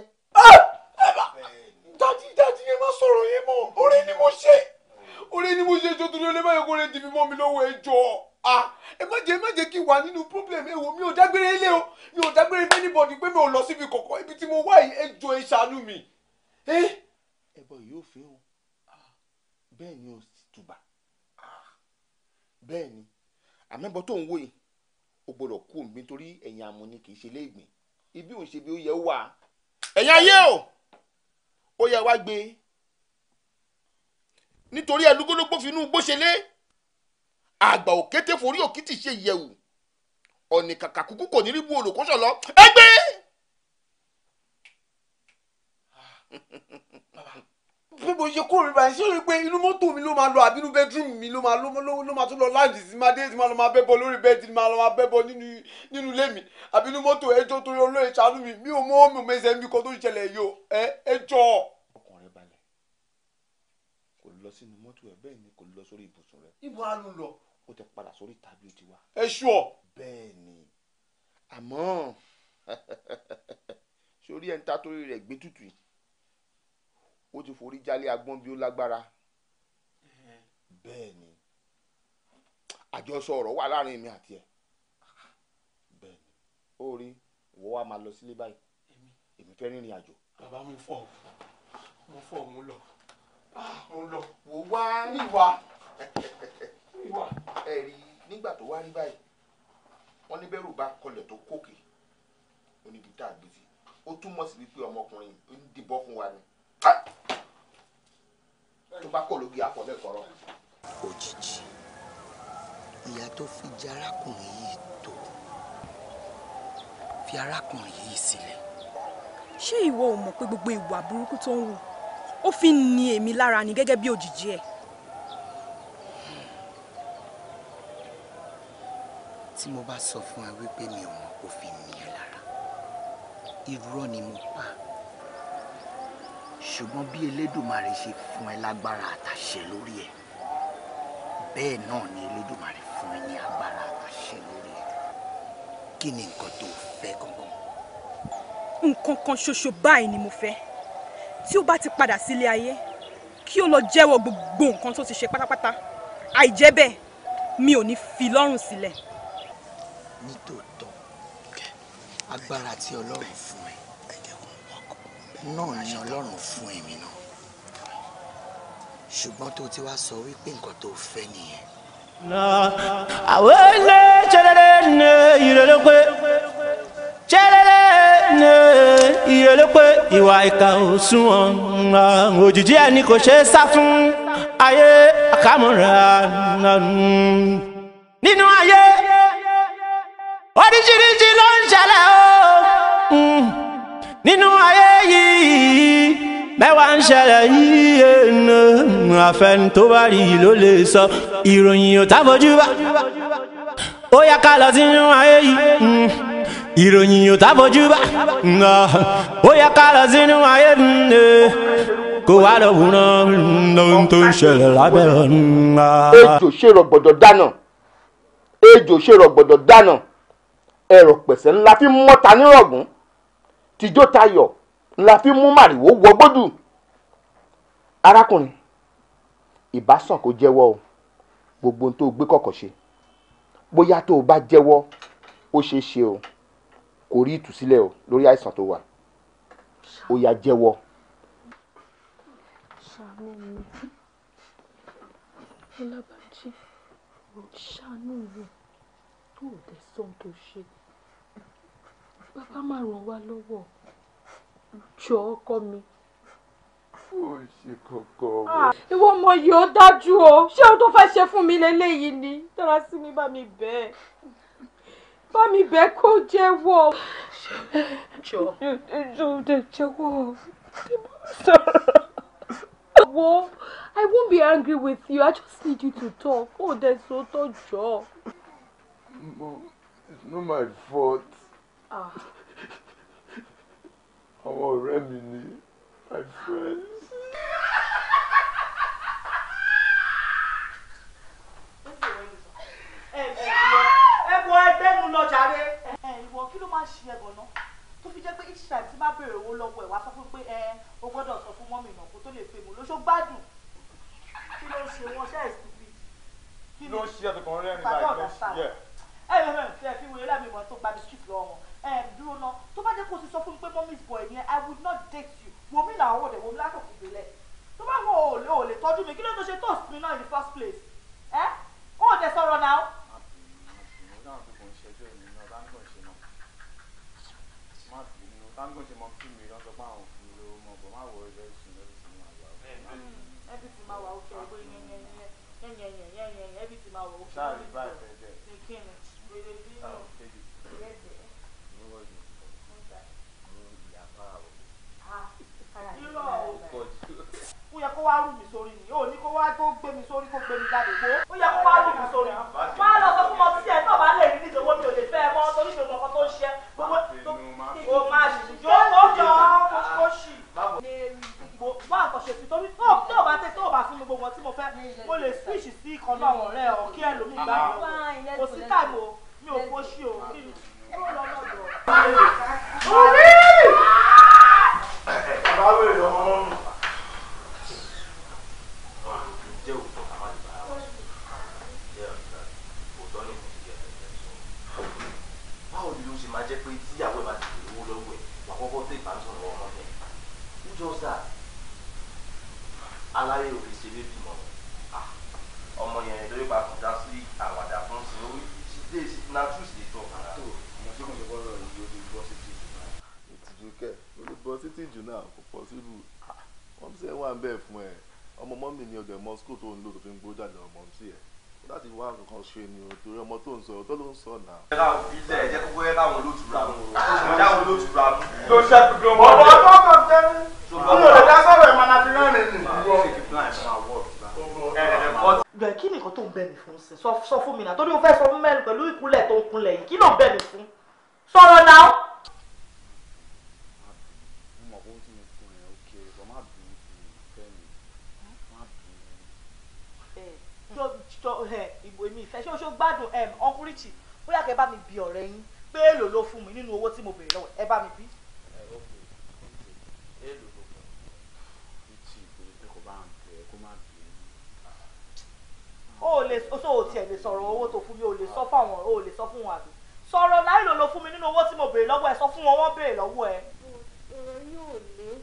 dájú dájú yẹn má sọ̀rọ̀ yẹn mọ́ orí ni mo ṣe orí ni mo ṣe jọ torí olè báyọ̀ kó lè dìbì mọ́ mi lọ́wọ́ ẹ jọ ẹ má jẹ́ ẹ má jẹ́ kí n wà nínú problem ẹ wò mi ò dágbére ilé o mi ò dágbére anybody pé mi ò lọ síbi kọ̀ọ̀kan ibi tí mo wá yìí ẹ jọ ẹ ṣàánú mi. ẹbọ yóò fi hàn bẹ́ẹ̀ ni o bẹ́ẹ̀ ni àmẹ́bọ tó ń wò yìí o gbọ́dọ̀ kú òǹbí nítorí ẹ̀yìn àmọ́ ni kì í ṣe léègbìn ibi òun ṣe bí ó yẹ wà ẹ̀yìn ayé o ó yẹ wá gbé nítorí ẹlúgbólógbó finú gbóṣelé àgbà òkété forí òkìtì ṣe ìyẹ̀wù ọ̀nì kàkà kúkú kò ní rí bu olùkọ́sọ̀ lọ ẹgbẹ́. Ah. bàbá bí mo ṣe kúrò nípa ṣé o rí pé inú mọ́tò mi ló máa lọ àbí inú bedroom mi ló máa ló máa tún lọ láǹdì sí máa dé sí máa lọ máa bẹ́bọ lórí bẹ́ẹ̀dì máa lọ máa bẹ́bọ nínú nínú ilé mi àbí inú mọ́tò ẹjọ́ torí olóyè ṣàánú mi mi ò mọ́ mi ò mẹsẹ̀ mi kan tó ń ṣẹlẹ̀ yìí o ẹ ẹjọ́. ọkàn rẹ balẹ̀ kò lọ sínú mọ́tò ẹ bẹ́ẹ̀ ni kò lọ sórí ibùsùn rẹ. ibo a ló o tẹ padà sórí tàbí o ẹ ó ti forí jálé agbọ́n bí ó lágbára bẹ́ẹ̀ ni àjọsọ ọ̀rọ̀ wà láàrin mi àti ẹ̀ bẹ́ẹ̀ ni ó rí ìwọ wa máa lọ sílé báyìí èmi fẹ́ rìnrìn àjò. bàbá mi fọ mo fọ mo lọ ah, mo lọ. wò wá níwà níwà ẹ rí nígbà tó wá rí báyìí wọ́n ní bẹ́rù bá kọlẹ̀ tó kókè oníbi tá a gbé sí ó túmọ̀ sí wípé ọmọkùnrin ń dìbọn fún wa ni. tó bá kọ̀ lógi àpọ̀ lẹ́kọ̀ọ́rọ́. òjijì ìyá tó fi jẹ arákùnrin yìí tó fi arákùnrin yìí sílẹ̀. ṣé ìwọ ò mọ̀ pé gbogbo ìwà burúkú tó ń wù ó fi ń ni èmi lára ni gẹ́gẹ́ bí òjijì ẹ̀. tí mo bá sọ fún ẹ wípé mi ò mọ̀ kó fi ń ni ẹ lára irọ́ ni mo pa ṣùgbọ́n bí Elédùmarè ṣe fún ẹ lágbára àtàṣẹ lórí ẹ bẹ́ẹ̀ náà ni Elédùmarè fún ẹ ní agbára àtàṣẹ lórí ẹ kí ni nǹkan tó fẹ́ gangan. nǹkan kan ṣoṣo báyìí ni mo fẹ́ tí ó bá ti padà sílé ayé kí o lọ jẹ́wọ́ gbogbo nǹkan tó ti ṣe pátápátá àìjẹ́ bẹ́ẹ̀ mi ò ní fi lọ́rùn sílẹ̀. nítòótọ́ agbára tí Ọlọ́run fún ẹ náà ni ọlọ́run fún èmi náà ṣùgbọ́n tó ti wá sọ wípé nǹkan tó fẹ́ nìyẹn. àwọn ilé tẹ́lẹ̀lẹ́ ní ìrẹ́lẹ́pẹ́ tẹ́lẹ̀lẹ́ ní ìrẹ́lẹ́pẹ́ ìwà ìkà òsùnwọ̀n òjijì ẹni kò ṣeé sá fún ayé àkàmúra nínú ayé oríṣiríṣi ló ń ṣẹlẹ̀ o nínú ayé yìí mẹ́wàá ń ṣẹlẹ̀ yìí ẹ̀nà àfẹn tó bá rí i ló lè sọ ìròyìn ò táfojú bá ó yá ká lọ sínú ayé yìí ìròyìn ò táfojú bá ó yá ká lọ sínú ayé yìí kó wá lọ wúran lóhun tó ń ṣẹlẹ̀ lábẹ́ ọ̀nà. ejò ṣèrò gbọ́dọ̀ dáná ejò ṣèrò gbọ́dọ̀ dáná ẹ̀rọ pẹ̀sẹ̀ ńlá fi mọ́ta nírọ̀gùn tìjó tayọ̀ la fi mú màrìwò wọgbódù arákùnrin ìbásàn kò jẹ́wọ́ o gbogbo ohun tó gbé kọ̀kọ̀ ṣe bóyá tó o bá jẹ́wọ́ ó ṣeé ṣe o kò rí ìtúsílẹ̀ o lórí àìsàn tó wà ó yá jẹ́wọ́. ṣàánú mi ṣàánú mi tó o dé sọ́n tó ṣe a máa ràn wá lọ́wọ́ jọ ọkọ mi. ó ṣe kọkọ wọ. Ah, ìwọ ọmọ yìí ó dájú o ṣé ohun tó fẹ́ ṣe fún mi lélẹ́yìí ni dára sí mi bá mi bẹ́ẹ̀ bá mi bẹ́ẹ̀ kó jẹ́wọ́. jọ jọ jẹ́wọ́ sọ̀rọ̀. Wo, I won't be angry with you. I just need you to talk. Oh, there's so much job. it's not my fault. Ah àwọn ọ̀rẹ́ mi ni my friends. ẹ̀bùn ẹgbẹ́nu lọ jàre. ìwọ kí ló máa ṣe ẹ̀gàn náà tó fi jẹ́ pé each time tí bá béèrè owó lọ́wọ́ ẹ̀ wá sọ fún pé ẹ o gbọ́dọ̀ sọ fún mọ́mì náà kó tó lè pè mí lóṣó gbádùn kí ló ṣe wọn ṣe ẹ̀sìn bí. kí ló ṣe ẹ̀sìn kan rẹ́rìn-ín báyìí lọ́sí ẹ̀. ẹ ẹ ẹ fi wòye lábẹ́ ìmọ̀ tó gba bisikíìtì lọ́wọ́ kó ti sọ fún mi pé mommy's boy yẹn i would not date you wòmí náà wò dé wòmí lákòókò gbélé tó bá wọ òòlè òòlè tọ́jú mi kí ló tó ṣe toast mi náà in the first place ẹ ó dẹ sọ̀rọ̀ náà. everything I will. Sorry, right there. They can't. yẹ kó wá rù mí sórí ni ò ní kó wá tó gbé mi sórí kó gbé mi jáde gbó ó yẹ kó wá rù mí sórí wá lọ sọ fún ọtí ẹ náà bá lè rí nítorí owó mi ò lè fẹ́ ẹ mọ́ torí mi ò mọ̀ tó ń ṣe gbogbo tó máa jọ ó jọ ó ṣì wá àkànṣe sí torí tó tó bá tẹ tó bá fún mi gbogbo tí mo fẹ́ mo lè switch sí ìkan náà ọ̀rẹ́ ọ̀ kí ẹlòmíì gbà mí kò sí tàbí mi ò kó ṣí o kí ni kúrò lọ́nà ọ̀dọ̀. ọ̀rẹ́ ìbátan wọn mọ́lẹ̀ who does that aláyé ò lè ṣe bébì mọ́ ah, ọmọ yẹn lórí papọ̀ dá sí àwàdà fún sí orí ṣídé na truth dey talk ara ah, tó mo ṣe kò ṣe bọ́ọ̀rọ̀ yìí olùbọ́sítì jù náà. ìtìjú kẹ olùbọ́sítì jù náà kò pọ̀ síbu ah, wọ́n ṣe wà ń bẹ̀ fún ẹ ọmọ mọ́mì ni ọ̀dọ̀ ẹ̀mọ́ school tó ń lò tó fi ń gbó jáde ọmọ sí ẹ̀ láti wá nǹkan ṣe ni o torí ọmọ tó ń sọ ọ̀tọ̀ ló ń sọ náà. ẹ láwọn ilé ẹ jẹ́ kókó ẹ láwọn olótùú ra tó ṣẹ́kù tó mọ́. ọ̀pọ̀ tó kọ̀ sẹ́ni. n ò dá sọ̀rọ̀ ẹ̀ máa fi rẹ́rìn nì. gbẹ̀ kí ni nǹkan tó ń bẹ̀ mí fún sí sọ fún mi náà torí mo fẹ́ sọ fún mẹ́rin pẹ̀lú ìkúnlẹ̀ tó ń kúnlẹ̀ yìí kí ló ń bẹ̀ mí fún sọ̀rọ̀ náà. ìbò èmi ìfẹ́ ṣé o ṣó gbádùn ọkùnrin tì bóyá kẹ́ bá mi bi ọ̀rẹ́ yín pé èèlò ló fún mi nínú owó tí mo béèrè lọ́wọ́ ẹ bá mi bí. o lè so o tiẹ̀ lè sọ̀rọ̀ owó tó fún mi o lè sọ fún àwọn o lè sọ fún wọn àbí sọ̀rọ̀ láìlò ló fún mi nínú owó tí mo béèrè lọ́wọ́ ẹ sọ fún wọn wọ́n béèrè lọ́wọ́ ẹ. ọ̀rọ̀ yóò lé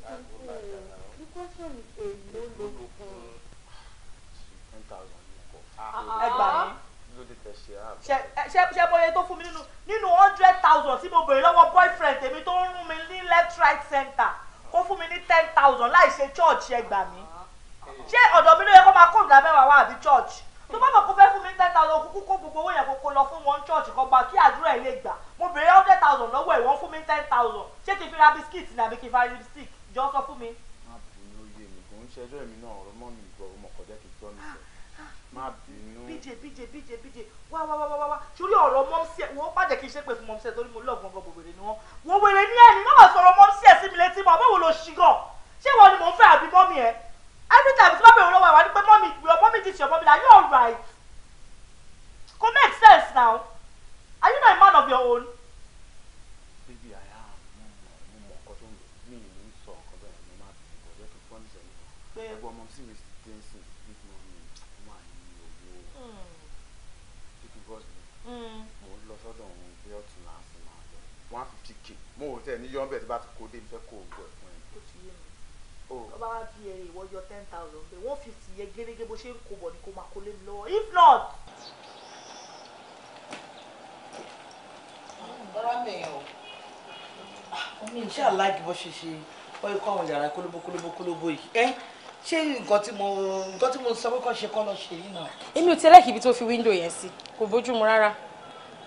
ṣe bóyá tó fún mi nínú nínú hundred thousand tí mo béèrè lọ́wọ́ boyfriend tèmi tó ń rún mi ní left right center kó fún mi ní ten thousand láì ṣe church ẹ gbà ṣé ọ̀dọ̀ mi ló yẹ kó máa kó ìdá mẹ́wàá wá àbí church tó bá mọ̀ kó fẹ́ fún mi ten thousand kúkú kó gbogbo owó yẹn kó kó lọ fún wọn church kan gba kí àdúrà ẹ̀ lè gbà mo béèrè hundred thousand lọ́wọ́ ẹ̀ wọ́n fún mi ten thousand ṣé kí n fi ra bisikíìtì nàbí kí n fa lipstick jọ sọ fún mi. má bínú oyè mi kò ń ṣẹjọ́ èmi náà ọ̀rọ̀ mọ́ mi gbọ́ ọmọ kọjá kì í tọ́ mi sọ má bínú. bíje bíje bíje bíje wá wá wá wá wá sórí ọ̀rọ̀ mọ́mísì ẹ̀ wọ́n bàjẹ́ kí n ṣe pé fún mọ́mísì ẹ̀ torí mo lọ́ọ̀ gbọ̀ngàn bòbèrè ni wọ́n wọ́n wèrè ní ẹ̀ ní má bàa sọ̀rọ̀ mọ́mísì ẹ̀ sí mi létí mọ́ àbẹ́wò lo ṣìgàn ṣé wọ́n ni mò ń fẹ́ àbí mọ́mí ẹ̀ every time tí wọ́n bẹ̀rù lọ́wọ́ ìwà ni pé mọ́mí your mommy. this your mommy. na you alright kò make sense now are you not a man of your own. bíbí àyà mo mọ ọkọ tó mi ì ní ní ọmọ sí owó bíbí bọ́ọ̀sì mi mo lọ sọ́dọ̀ òun bí ọ̀tún láǹsì máa lọ one fifty k mo ò tẹ̀ ní yọ́ńbẹ̀ tí bá ti kó dé mi fẹ́ kó o ọba wa bí ẹ ìwọ yọ ten thousand bẹ́ẹ̀ one fifty yẹ gẹ́gẹ́ bó ṣe ń kó bọ̀ ni kó máa kó lé mi lọ́wọ́ if not. bọ́lá mi ò ah, ṣé aláàgì bó ṣe ṣe wọ́n ikú àwọn yàrá kólóbó kólóbó kólóbó yìí ẹ́ ṣé nǹkan tí mo nǹkan tí mo sọ pé kọ́ ṣe kọ́ lọ ṣe yìí náà. èmi ò tẹ́lẹ̀ kí ibi tó fi wíńdò yẹn sí kò bójú mu rárá.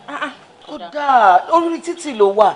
Ah, ah, ó dáa orí títì ló wà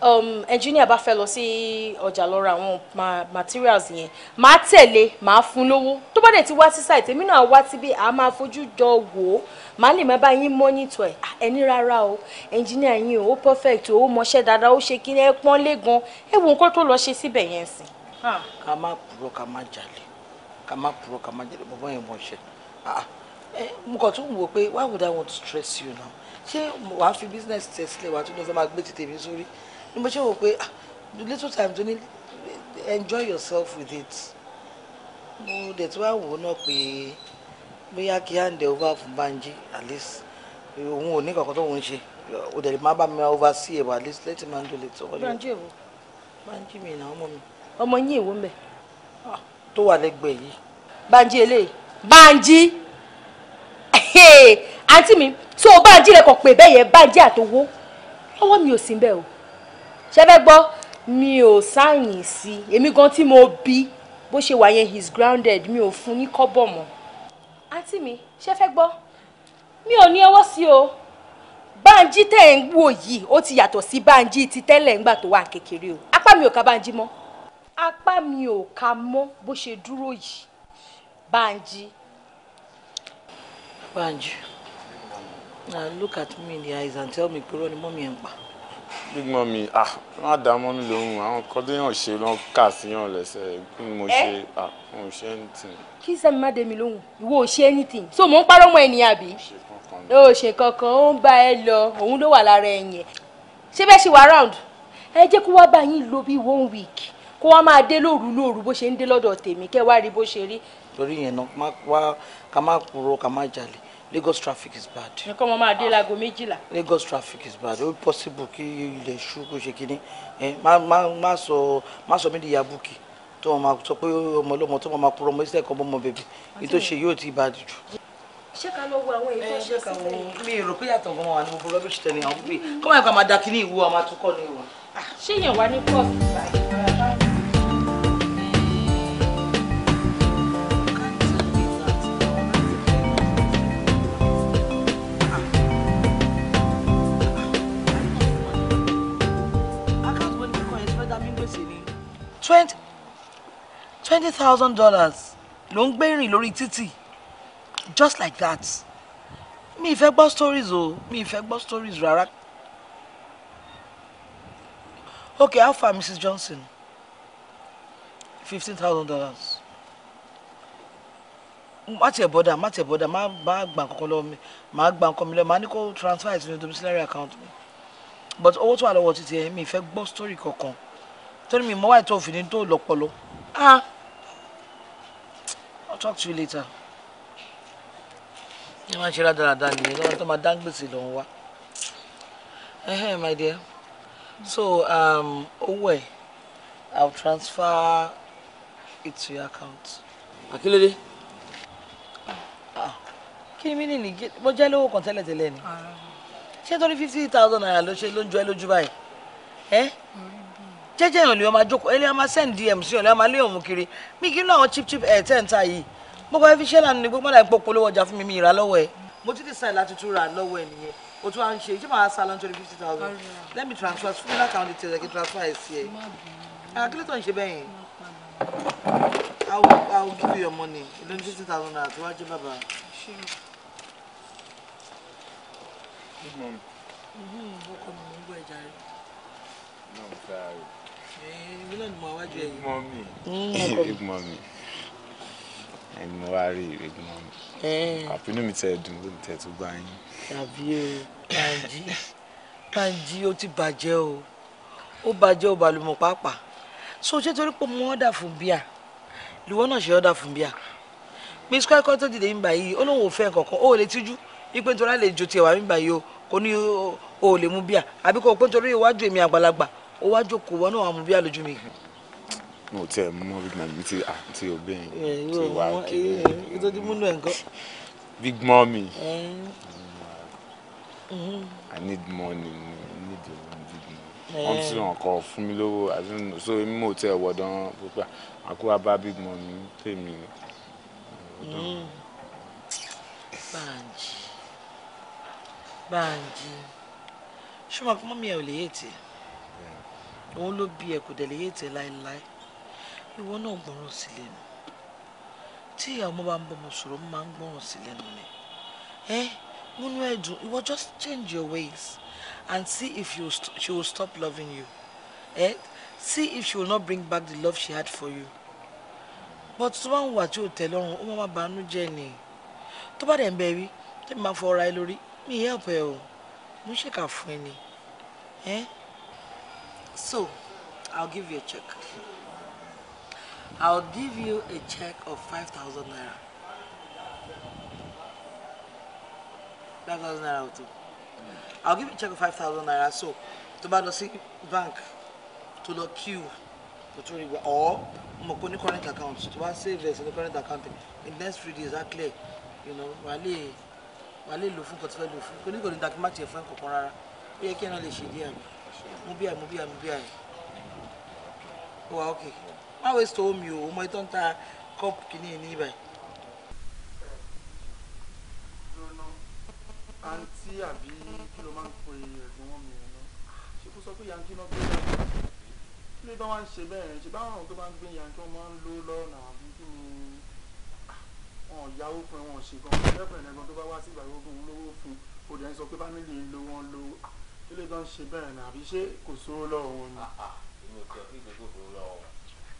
Um, engineer bá fẹ́ lọ sí ọjà lọ ra àwọn materials yẹn máa tẹ̀lé máa fún lówó tó bá dẹ̀ ti wá sí site èmi náà wá síbi àá máa fojú jọ wò ó màá lè má bá yín mọ́nítọ̀ ẹ̀ ẹni rárá o engineer yín o perfect o mọṣẹ́ dáadáa ó ṣe kí ẹ pọ́n lé gan ẹ wo nǹkan tó lọ ṣe síbẹ̀ yẹn sí. ká má purọ́ ká má jalè ká má purọ́ ká má jalè bọ́bọ́ yẹn mọṣẹ́ mo kàn tún wò pé why would I want to stress you now ṣé wàá fi business tẹ̀ sílẹ̀ wàá tún lọ fẹ́ máa gbé tètè mi sórí ni mo ṣe wò pé the ah, little time to ní enjoy yourself with it mo dẹ̀ tí wàá wò náà pé bóyá kí hand over fún Banji at least òun ò ní kankan tó ń ṣe o dẹ̀ máa bá mi over sí ẹ̀wọ̀ at least let him handle it. Banji èwo. Banji mi na ọmọ mi. ọmọ yín èwo ń bẹ. Ah, tó wà lẹ́gbẹ̀ẹ́ yìí. Banji eléyìí. Banji àǹtí mi tó o Banji rẹ kàn pé bẹ́ẹ̀ yẹn Banji àtowó ọwọ́ mi ò sí bẹ́ẹ̀ o ṣe fẹ́ gbọ́ mi ò sáyìn sí i èmi gan tí mo bí bó ṣe wà yẹn he is grounded mi ò fún ní kọ́bọ̀ mọ́ àǹtí mi ṣe fẹ́ gbọ́ mi ò ní ọwọ́ sí o báńjí tẹ̀ ń wò yìí ó ti yàtọ̀ sí báńjí ti tẹ́lẹ̀ ńgbà tó wà kékeré o apá mi ò ká báńjí mọ́ apá mi ò ká mọ́ bó ṣe dúró yìí báńjí. báńjí now ah, look at me in the eyes and tell me pé irọ́ ni mọ́mí ẹ̀ ń pa big mummy ah má dá mọ́mí lóhùn àwọn kan tó yàn ṣe lọ́n kà sí lẹ́sẹ̀ kí mo eh? ṣe ah mo ṣe anything. kí sẹ́mi má dé mi lóhùn ìwọ ò ṣe anything so mò ń parọ́ mọ́ ènìyàn àbí. o ṣe kankan ó ń bá ẹ lọ òun ló wà lára ẹ̀yìn ẹ̀ ṣé bẹ́ẹ̀ ṣe wà round ẹ jẹ́ kó wá bá yín lò bí one week kó wá máa dé lóru lóru bó ṣe ń dé lọ́dọ̀ tèmi kẹ́ wá rí bó ṣe rí. torí yẹn náà ká má purọ́ ká má jalè Lagos traffic is bad. nǹkan mo máa dé láago méjìlá. Lagos traffic is bad ó possible kí ilẹ̀ ṣú kó ṣe kínní má sọ má sọ mí di ya búkì tó wọn máa sọ pé ọmọ ọlọ́mọ tó wọn máa purọ́ ọmọ ìṣẹ́ kan bọ́mọ bèbí èyí tó ṣe yóò ti bá a dì jù. ṣé ká lọ wo àwọn èyí tó ṣe sílẹ̀. mi rò pé yàtọ̀ gan-an wà ní gbogbo rọ́bìṣì tẹ̀lé àwọn bíi kọ́mọ̀ ẹ̀ka máa da kínní ìwú àmàtúkọ́ ni o. ṣé yẹn wà ní pọ́ọ̀sì báyìí. twenty twenty thousand dollars ló ń gbé rìn lórí títì just like that mi ìfẹ́ gbọ́ stories o mi ìfẹ́ gbọ́ stories rárá okay how far Mrs. Johnson fifteen thousand dollars má tiẹ̀ bọ́dà má tiẹ̀ bọ́dà má má gbà nǹkan lọ́wọ́ mi má gbà nǹkan mi lọ́wọ́ má ní kó transfer it to domiciliary account mi but owó tó wà lọ́wọ́ títí ẹ̀ mi ìfẹ́ gbọ́ story kankan Tell me, mọ́ wáyé tó fi ní tó lọ́pọlọ. ah I'll talk to you later. ẹ máa ń ṣe rádaràda nìyẹn lọ́wọ́ tó máa dá gbèsè lọ́wọ́ wá. ẹhẹ́n my dear so um, owó I'll transfer it to your account. Akílódé. Ah, kí ni mí nìyí mo jẹ́ lówó kan tẹ́lẹ̀tẹ́lẹ̀ ni ah. ṣé torí fifty thousand naira ló ṣe ló ń jọ ẹ́ lójú báyìí. Mm jẹ́jẹ́ èèyàn lèèyàn máa jókòó eléyàn máa send dm sí èèyàn máa léèyàn mú kiri mi kì í lọ àwọn cheap cheap ẹ̀ eh, tẹ́ ń ta yìí mo kọ́ fi ṣẹ́ lánàá ni gbogbo àìpọ̀ polówó ọjà fún mi mi ìrà lọ́wọ́ ẹ̀. mo ti decide láti tún ra lọ́wọ́ ẹ̀ nìyẹn o tún wá ń ṣe ìjọba àwọn salon twenty fifty thousand let me transfer fún mi lákàwọn details ẹ̀ kí transfer ẹ̀ sí ẹ̀. àkílẹ̀ ah, tó ń ṣe bẹ́ẹ̀ yẹn I I will give you your money eleven fifty thousand naira tí wàá jẹ́ bàbá. Good morning. Ọkọ mi egbọn mi egbọn mi ẹni mo wá rí egbọn mi àpinnu mi tẹ dùn ló tẹ tó gbá yín. tàbí o Bánjí Bánjí ó ti bàjẹ́ o ó bàjẹ́ o bàlùmọ̀ pàápàá so ṣé torí pé mo ọ̀dà fún bíà lùwọ́ náà ṣe ọ̀dà fún bíà miss kwaikwayo tó dìde yín báyìí ó lóun ò fẹ́ kankan ó lè tijú wípé nítorí àlejò tiẹ̀ wà mí báyìí o kò ní o ò lè mú bíà àbí kò pé nítorí iwájú èmi àgbàlagbà ó wá jókòó wọn náà wà mú àlejò mi. mo tiẹ̀ mú big mummy ti àti ah, obìnrin ti wá kiri. ìtọ́jú múnú ẹ̀ nǹkan. big mummy. Eh. i need money i need your big money. Eh. wọ́n ti ràn kọ́ fún mi lówó so èmi mo tiẹ̀ wọ̀dán pípa àkúrà bá big mummy tèmi. Banji hmm. Banji ṣé mo kọ́ mọ́ mi ẹ̀ ò lè yé tiẹ̀ òun ló bí ẹ kò dẹ̀ lè yé tẹ láéláé ìwọ náà gbọ́ràn sí lẹ́nu tí ìyá ọmọ bá ń bọmọ sọ̀rọ̀ mo máa ń gbọ́ràn sí lẹ́nu ni ẹ múnú ẹ ìwọ just change your ways and see if she will stop loving you eh? see if she will not bring back the love she had for you but tó bá ń wà tí ò tẹ́ lọ́rùn ó máa bàánú jẹ́ ni tó bá dẹ̀ ń bẹ rí tẹ́mi máa fọ ọ̀ra ẹ lórí mi ì help ẹ o mo ń ṣèkà fún ẹ ni. So, I'll give you a check. I'll give you a check of 5,000 naira. 5,000 naira too. I'll give you a check of 5,000 naira. So, to bá lọ bank to lọ queue kò tó rí gbà ọ́ current account to bá save ẹ̀sìn ní current account in the next three days á clear you know, wà á lè wà á lè lò fún kò tó fẹ́ lò fún kò ní kò ní dàkí má tiẹ̀ fún mo bí àyè mo bí àyè mo bí àyè ó wà ókè má wẹ́ẹ́ sọ omi o ọmọ ìtọ́ ń ta kọ́ọ̀pù kìíní ní ibà. àǹtí àbí kí mi ẹ̀ náà ṣé kó sọ pé yankí náà gbé yàrá kí ló bá wá ń ṣe bẹ́ẹ̀ ṣe báwọn tó bá ń gbé yankí wọn máa ń lò lọ́nà ni wọn ò yáwó fún ẹ wọn gan ọ̀rẹ́kùnrin ẹ̀gbọ́n tó bá wá sí ìgbà gbogbo òun lówó fún un ó dẹ̀ ń sọ pé fámìlì lo wọn lo ilé tó ń ṣe bẹ́ẹ̀ ni àbí ṣé kò sówó lọ́wọ́ wọn ni. èmi ah, ah, ò tẹ kí ìgbésẹ̀ òfin lọ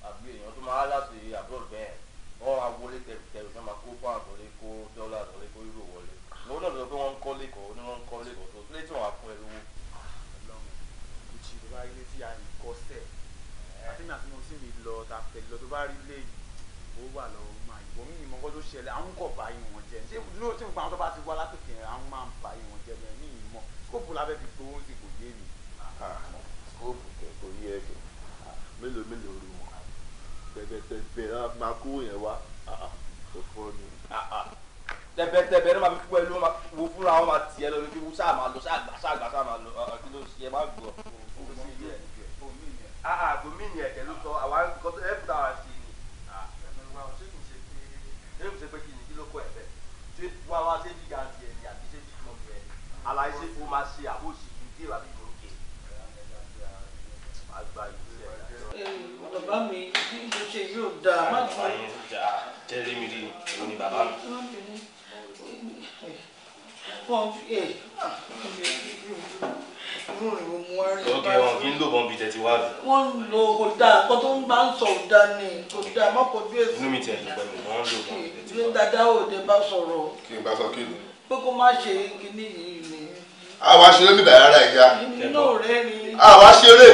àbí èèyàn tó máa láti àbúrò bẹ́ẹ̀ wọ́n máa wọlé tẹ̀rù náà máa kó pound wọlé kó dọ́là wọlé kó euro wọlé lọ́wọ́ náà lọ pé wọ́n ń kọ́ lẹ́kọ̀ọ́ ni wọ́n ń kọ́ lẹ́kọ̀ọ́ tó lé tí wọ́n á fún ẹ lówó. ìṣèjọba ilé tí a yìí kọ́ sẹ̀ àtẹ̀mí eh. àti mo sì rí lọ ta pẹ̀lú tó bá rí lé ó wà lọ máa yìnbọn mí ìmọ̀kọ́ tó ṣẹlẹ̀ àwọn kọ̀ bá yìnbọn jẹ ṣé ní o tí mo gbà ń bá skóòpù lábẹ́ fi gbowó sí kò yé mi. Ah, skóòpù kẹ kò yé ẹ kẹ ah, mélòó mélòó ru wọn tẹ̀bẹ̀tẹ̀bẹ̀ náà máa kó yẹn wá ah, kò fọ́ ni. tẹ̀bẹ̀tẹ̀bẹ̀ náà máa fi pẹ̀lú wo fúnra wọn máa tiẹ̀ lọ ní kí wọ́n sáà máa lọ sáà gbà sáà gbà sáà máa lọ kí ló ṣe ẹ má gbọ́ àgbòmíìnì ẹ̀kẹ́ ló sọ àwọn nǹkan tó ẹ̀fù táwọn àti ìní ẹ̀mí wa ṣé kì í ṣe pé ẹ̀mí ṣe pé kì í ní kí ló kọ ẹ̀fẹ̀ ṣé wá wá ṣé kì alaise o ma ṣe àbòsí ìdí ìrọ̀lẹ́ ìlú òkè. bàbá mi bí mo ṣe yóò dà má jù. ayé ló dà tẹ́rí mi rí òun ni bàbá mi. wọ́n fi ẹ̀ ah, irú rẹ̀ mo mú wá rí. ok wọn kì í lò bọ́ǹbì tẹ̀tí wá bí. wọ́n ń lo kò dáa kó tó ń bá ń sọ ò dáa ni kò dáa má kọjú èsì. inú mi tẹ̀ ló pẹ̀lú wọ́n ń lò bọ́ǹbì tẹ̀tí wá. dada ò dé bá sọ̀rọ̀. kí n bá sọ kí ni. pé kó má ṣe kinní yìí àwa ṣeré bíbà rárá ìyá àwa ṣeré.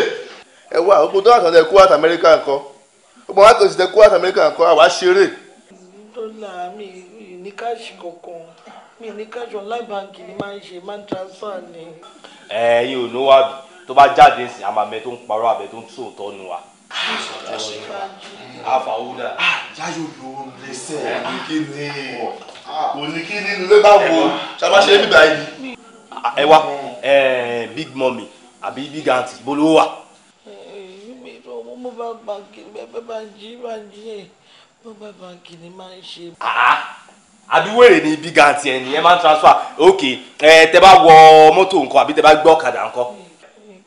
ẹ wá gbogbo tó àtàndẹ kó àti amẹ́ríkà nǹkan gbogbo àwọn àtàndẹ tẹ kó àti amẹ́ríkà nǹkan àwa ṣeré. dọ́là mi ní káàṣì kankan mi ní káàṣì online bank ni máa ń ṣe máa ń transfer ni. ẹ̀yin ò ní wá tó bá jáde ń sìn àmàmẹ tó ń parọ́ àbẹ tó ń sòótọ́ nu wa àfàwúdà. yáyò ló ń lẹsẹ̀ oníkíni oníkíni ló bá wo ṣàbáṣe bíbá yìí ẹ wá big mummy àbí big aunty bó ló wà. mo bá bàǹkì ni big aunty ẹ̀ nìyẹn máa ń transfer ok ẹ tẹ bá wọ mọ́tò nǹkan àbí tẹ bá gbọ́ ọ̀kadà nǹkan.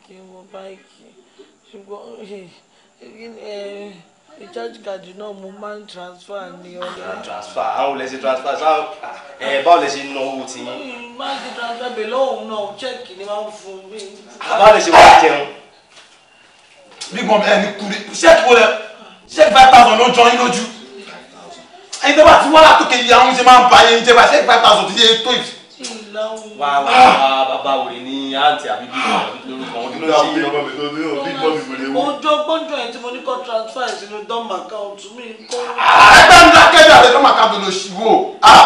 kí n wọ recharge card náà mo máa ń transfer ní ọ̀la. transfer àwọn olè ṣe transfer How ẹ eh, báwo lè ṣe náwó ti yín. Hmm, máa ṣe transfer bẹ̀ lọ́hùn náà check ni máa ń fún mi. Ah, báwo lè ṣe wá jẹun. bí gbọ́n bẹ́ẹ̀ ni kúri ṣẹ́ẹ̀kì wo lẹ ṣẹ́ẹ̀kì five thousand ló jọ yín lójú. ẹ̀yin tó bá ti wá látòkè yìí àwọn oúnjẹ máa ń ba yín jẹ́ bá ṣẹ́ẹ̀kì five thousand ti yé tó yìí wá wá bàbá òrì ní àǹtí àbíbí lórúkọ wọn kí ló ṣe yín lọ́mọ mi tó ní òbí bọ́ mi wèrè wò. ojú gbọ́njọ yẹn tí mo ní kọ́ transfer ẹ̀ sínú dọ́mà account mi kọ́. Ah, ẹgbẹ́ mi dákẹ́jọ́ àti dọ́mà account ló ṣì wò ah,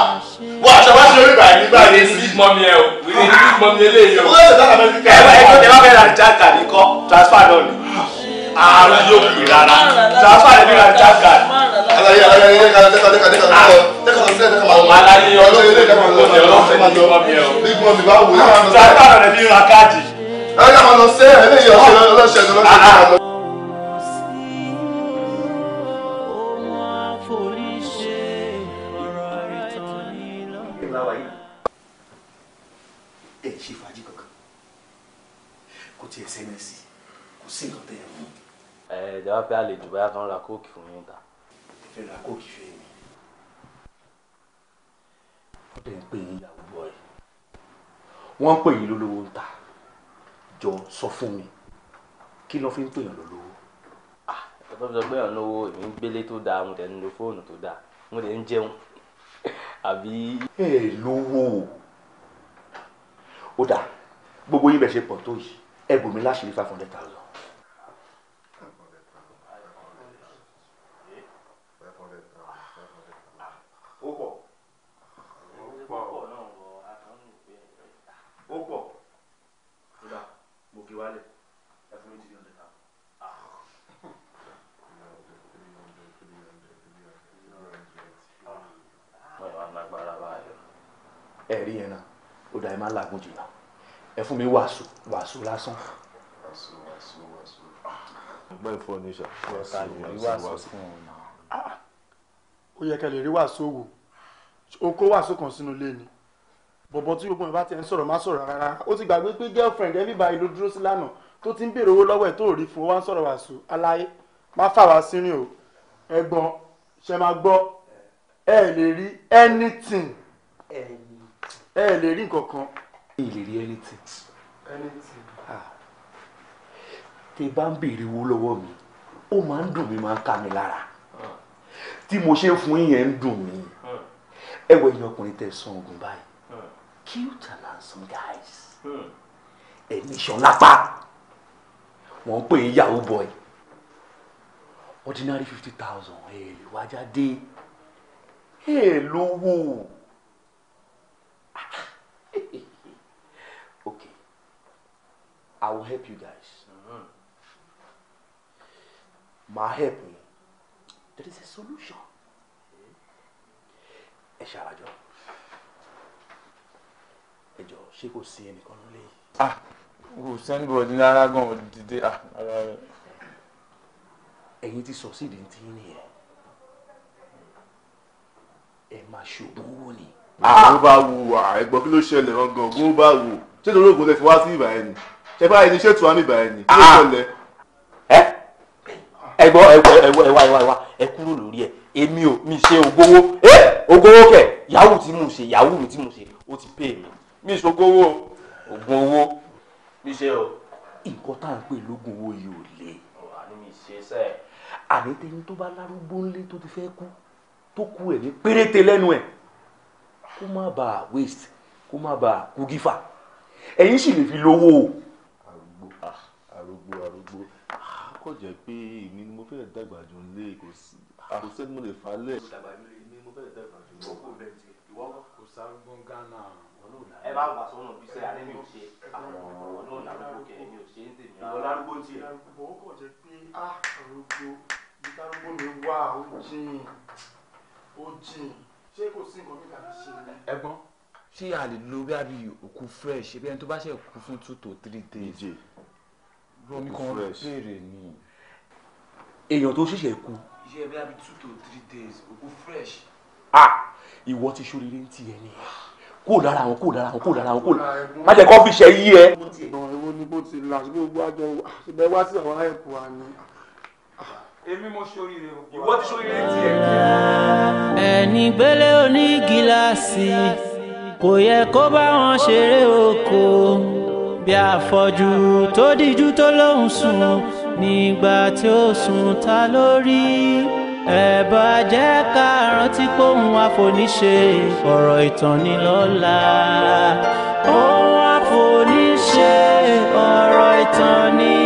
wọ́n aṣọ wá sí orí ìbàdí nígbà yẹn sí. big mummy ẹ o wíwí big mummy eléyìí o. ó lè dáná mẹ́tíkà. ẹ̀rọ ẹ̀jọ̀ tẹ bá fẹ́ ra jákà ní kọ́ transfer náà ni ààrùn yóò pè rárá tàbá ẹbí ra jágà. alaye alaye alaye alaye alaye alaye alaye alaye alaye ọmọ alaye ọlọ́run ilé ìdáná ọlọ́run ọlọ́run ọlọ́run máa jọ big mom ìbáwò yóò máa lọ sí. tàbá ẹbí ra káàdì. ẹ yà máa lọ sí ẹ ẹ lè yọ ọsẹ ọlọsẹ ọlọsẹ ọlọsẹ. wá pé àlejò báyà kan ra kóòkì fún yín ta. ìfẹ́ ra kóòkì fún yín. wọ́n dẹ̀ ń pè yín ìyàwó bọ̀ ẹ̀ wọ́n ń pè yín lólówó ń ta jọ sọ fún mi kí ló fi ń pè yín lólówó. ọ̀tọ́ fi sọ pé ọ̀nà owó èmi ń gbélé tó dáa mo tẹ̀ ń lo fóònù tó dáa mo tẹ̀ ń jẹun àbí. ẹ lówó ó dà gbogbo yín bẹ̀ ṣe pọ̀ tó yìí ẹ bò mí láṣìírí five hundred thousand. ẹ má làágùn jù náà ẹ fún mi wàásù wàásù lásán. wàásù wàásù wàásù. ọgbẹ́ ìfọ ní ìṣà. ọ̀tá ah! lè rí wàásù fún un náà. ó yẹ kẹ́ lè rí wàásù wò ó kó wàásù kan sínú ilé ni bọ̀bọ̀ tí gbogbo ẹ̀ bá ti ń sọ̀rọ̀ má sọ̀rọ̀ rárá ó ti gbàgbé pé girlfriend everybody ló dúró sí lánàá tó ti ń béèrè owó lọ́wọ́ ẹ̀ tó rí fún wa ń sọ̀rọ̀ wàásù aláyé má fà wá sírìn o ẹ̀gbọ́n ṣe máa gbọ́ ẹ lè rí anything ẹ lè rí nǹkan kan ẹ lè rí anything. anything. tẹ bá ń béèrè owó lọ́wọ́ mi ó máa ń dùn mí máa ń ká mi lára ah. tí mo ṣe ń fún yín ń dùn mí ah. ẹ wọ ẹ̀yin ọkùnrin tẹ sọ ogun báyìí ah. cute and handsome guys hmm. ẹni iṣan lápá wọ́n ń pè é yahoo boy ordinary fifty thousand ẹ lè wájà dé ẹ lówó. I will help you guys. mm help me. There is a solution. Ẹ ṣàràjọ. Ẹ jọ ṣé kò sí ẹnìkan ló léyìí? Ah! Kò send bọ̀dí rárá gan-an dìde ah, ara rẹ̀. Ẹ̀yin ti sọ sí ìdíntì nìyẹn. Ẹ máa ṣògùn owó ni. Ògùn bá wù wá, ẹ̀gbọ́n kí ló ṣẹlẹ̀ gangan, ògùn bá wù. Ṣé torí ògùn lè fi wá sí ìbàyẹn ni? ṣe báyìí ni ṣètò àmì ìbàyẹn ni kí ló lẹ. ẹ gbọ́ ẹ wá ẹ wá ẹ wá ẹ kúrò lórí ẹ èmi ò mi ṣe ògówó ògówó kẹ yahoo tí mo ṣe yahoo mi tí mo ṣe ó ti pè mí mi ṣògówó ògùn owó mi ṣe o. nǹkan tá à ń pè lógun owó yìí ò le. àní mi ṣe sẹ́ẹ̀. àní tẹni tó bá lárúgbó ńlé tó ti fẹ́ kú tó kú ẹ̀mí péréte lẹ́nu ẹ̀ kó má bàa waste kó má bàa kú gífà ẹ̀yin sì lè fi lówó o arúgbó arúgbó ah, kò jẹ́ pé èmi ni mo fẹ́ dàgbà jù ń lé kò ah. sẹ́ni mo lè fà á lẹ̀. dàgbà jù èmi mo fẹ́ dàgbà jù ń kó bẹ́ẹ̀ jẹ ìwọ kò sárúgbọ́n gánà. ẹ bá wà sọ́nà bí sẹ́ alẹ́ mi ò ṣe àwọn ọ̀rọ̀ náà lárúgbó kẹ èmi ò ṣe ń tèmi àwọn lárúgbó ń tiẹ̀. ìwọ kò jẹ́ pé ah, arúgbó bí arúgbó mi wà ó jìn ó jìn ṣé kò sí nǹkan mi kà fi ṣe. ẹ̀gbọ́n ṣé a lè lo bí òkú fresh bí ẹni tó bá ṣe kú fún two to three days lọ́mí kan bèrè ni. èèyàn tó ṣẹ̀ṣẹ̀ kú. iṣẹ́ bí abi two to three days òkú fresh. ah ìwọ ti ṣoríire ń tiẹ̀ ni kó lára àwọn kó lára àwọn kó lára àwọn kó lára má jẹ́ kó fi ṣe yí ẹ. ìwọ ni bó ti là sí gbogbo àjọ ìbẹ̀ wá sí àwọn ẹ̀kọ́ wa ni. èmi mo ṣoríire òkú. ìwọ ti ṣoríire ń tiẹ̀. ẹni gbélé oní gíláàsì kò yẹ kó bá wọn ṣeré oko bí àfọ́jú tó díjú tó lóhùn sùn nígbà tí ó sùn ta lórí ẹ̀bà jẹ́ ká rántí pòun àfoníṣe ọ̀rọ̀ ìtàn ni lọ́la òun àfoníṣe ọ̀rọ̀ ìtàn ni.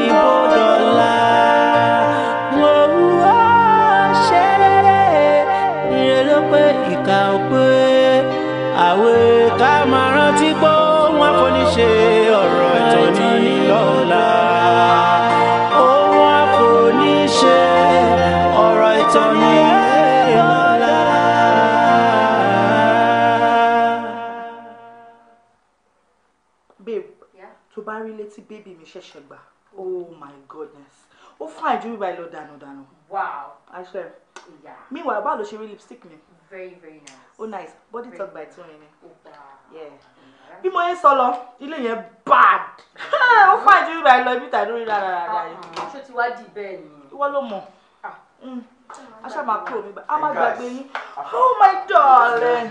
ṣẹ̀ṣẹ̀ gbà oh my goodness ó fún àìjú bíbá ìlọ dànù dànù. wow àṣẹ meanwhile báwo ló ṣe rí lipstick mi. very very nice. oh, nice body very talk by two ni. bí mo yẹ sọ lọ ilé yẹn bad ó fún àìjú bíbá ìlọ ibi tàbí orí rárá rárá yìí. Ah, ah. ṣé ti wá di bẹ́ẹ̀ ni. ìwọ ló mọ̀ ah. mm. a ṣáà máa kúrò nígbà a máa gbàgbé yín oh my darling.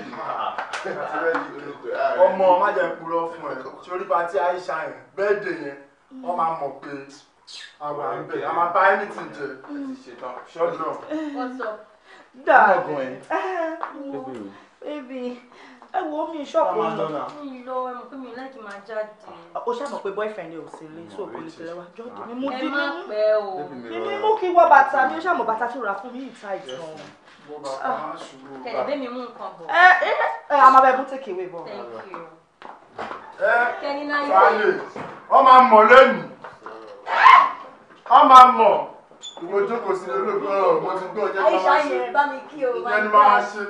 ọmọ má jẹ́ kúrọ́ fún ẹ torí pa tí aisha yẹn bẹ́ẹ̀ dè yẹn wọ́n máa mọ̀ pé àwọn àgbẹ̀ a máa bá anything jẹ ṣọ́ọ̀dù náà. wọ́n sọ dáàbì bébì ẹ wo mi ṣọ́ọ̀kù mi mi lọ ẹ mọ̀ pé mi láìkí máa jáde. o ṣàmọ̀ pé boyfriend ẹ ò sí ilé so kò lè tẹ̀lé wa jọ́ọ̀dù mi mú dín mímú mímú kí wọ́n bàtà mi ó ṣàmọ̀ bàtà tó rà fún mi ìta ìtàn kẹ̀lẹ́bẹ́ mi mú nǹkan bọ̀. Eh, eh, eh, ẹ ẹ àmọ́ bẹ́ẹ̀ mú take away bọ̀. thank you. ẹ fàálè wọ́n máa mọ̀ lónìí wọ́n máa mọ̀ ìwọ jókòó sí olóògbé ọ̀rọ̀ mo ti gbọ́ ọjọ́ tó ṣe ìjọ ni máa ṣe.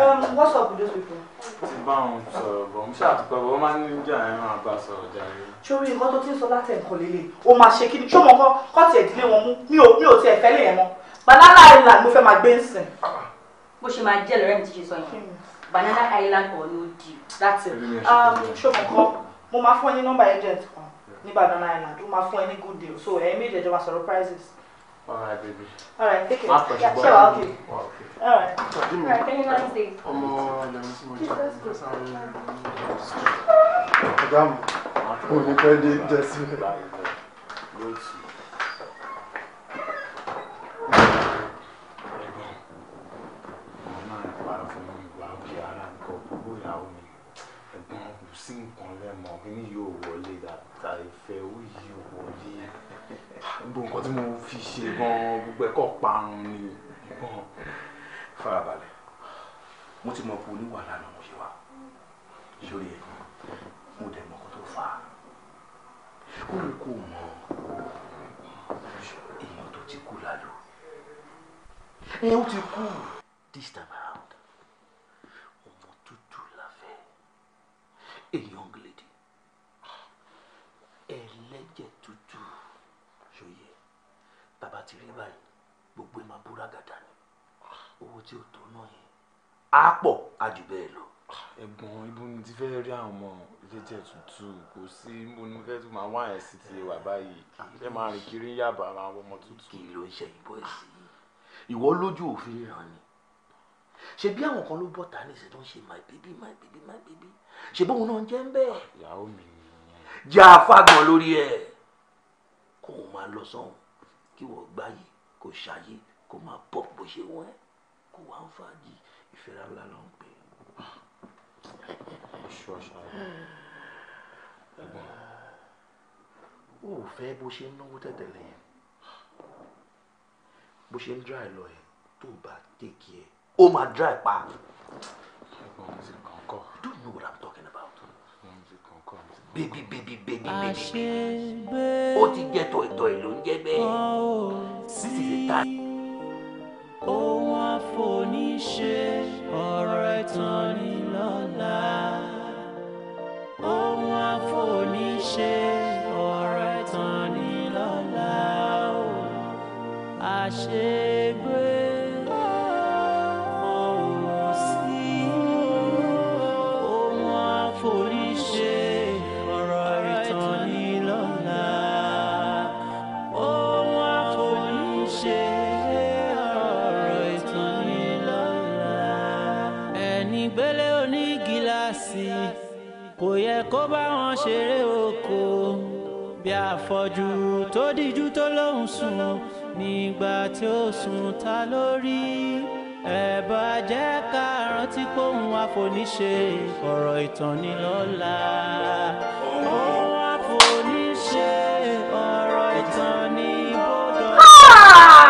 Um, what's up with those people? ti bá wọn sọ̀rọ̀ bọ̀ mo ṣàtúpọ̀ bọ̀ wọ́n máa ń níjà ẹ̀ máa sọ̀rọ̀ jàre. sórí nǹkan tó ti ń sọ láti ẹ̀kọ́ lélẹ̀ o máa ṣe kíni ṣó mọ̀ kọ́ kọ́ tiẹ̀ dílé wọn mú mi ò tiẹ̀ fẹ́ lè yẹn mọ́ banana island mo fẹ́ máa gbé ń sìn bó ṣe máa jẹ́ lọ́rẹ́ mi ti ṣe sọ yẹn banana island or no deal that's it. Um, ṣòfò kan mo máa fún ẹ ní nọ́mbà agent kan ní banana island ó máa fún ẹ ní good deal so ẹ̀yin méjì ẹ̀jọ̀ máa sọ̀rọ̀ prices. Alright, baby. Alright, take it. yeah, sure, Okay. Alright. Alright, can you not stay? Um, let me see what you're doing. Madam, oh, you can't do this. Go to. sí nǹkan lẹ́mọ̀ kíní yóò wọlé dàtà ìfẹ́ ó yí wọlé gbogbo nǹkan tí mo fi ṣe gan gbogbo ẹ̀kọ́ parun ni gan farabalẹ̀ mo ti mọ̀ pé oníwàhálà náà mo ṣe wá lórí ẹ̀ mo dẹ̀ mọ̀ kó tó fà á ó lè kó mọ̀ èèyàn tó ti kú lálọ́ ẹ ó ti kú this time. á pọ̀ á jù bẹ́ẹ̀ lọ. ẹ̀gbọ́n ibo ni ti fẹ́ rí àwọn ọmọ jẹjẹ tútù kò sí ibo ni mo fẹ́ tún máa wá ẹ̀ sí ti wà báyìí ṣé máa rìn kiri ń yàbá àwọn ọmọ tútù. kí ló ń ṣe ìbọn ẹ̀sìn ìwọ lójú òfin ràn ni ṣe bí àwọn kan ló bọ̀ ta ní ìṣẹ̀dọ̀ ṣe my baby my baby my baby ṣe bóun náà jẹ́ ń bẹ́ẹ̀. ìyàwó mi nìyẹn. já a fagbọn lórí ẹ kó o máa lọ sọ́hùn kí wọ́n gbáyé kó ṣàyé kó máa pọ̀ bó ṣe wọ́n kó wàá ń fàájì ìfira ńlá ló ń pè ó fẹ́ bó ṣe ń náwó tẹ̀tẹ̀lẹ̀ yẹn bó ṣe ń dry lọ yẹn tó bá tèkì ẹ̀ ó máa dry pa. don't know what I'm talking baby baby baby baby baby ó ti jẹ́ tọ̀ ìtọ̀ ìlú ń jẹ́ bẹ́ẹ̀ this is a time. ìgbà tí ó sùn ta lórí ẹ bá jẹ́ ká rántí pé òun àfoníṣe ọ̀rọ̀ ìtàn ni lọ́la òun àfoníṣe ọ̀rọ̀ ìtàn ni bọ́dọ̀.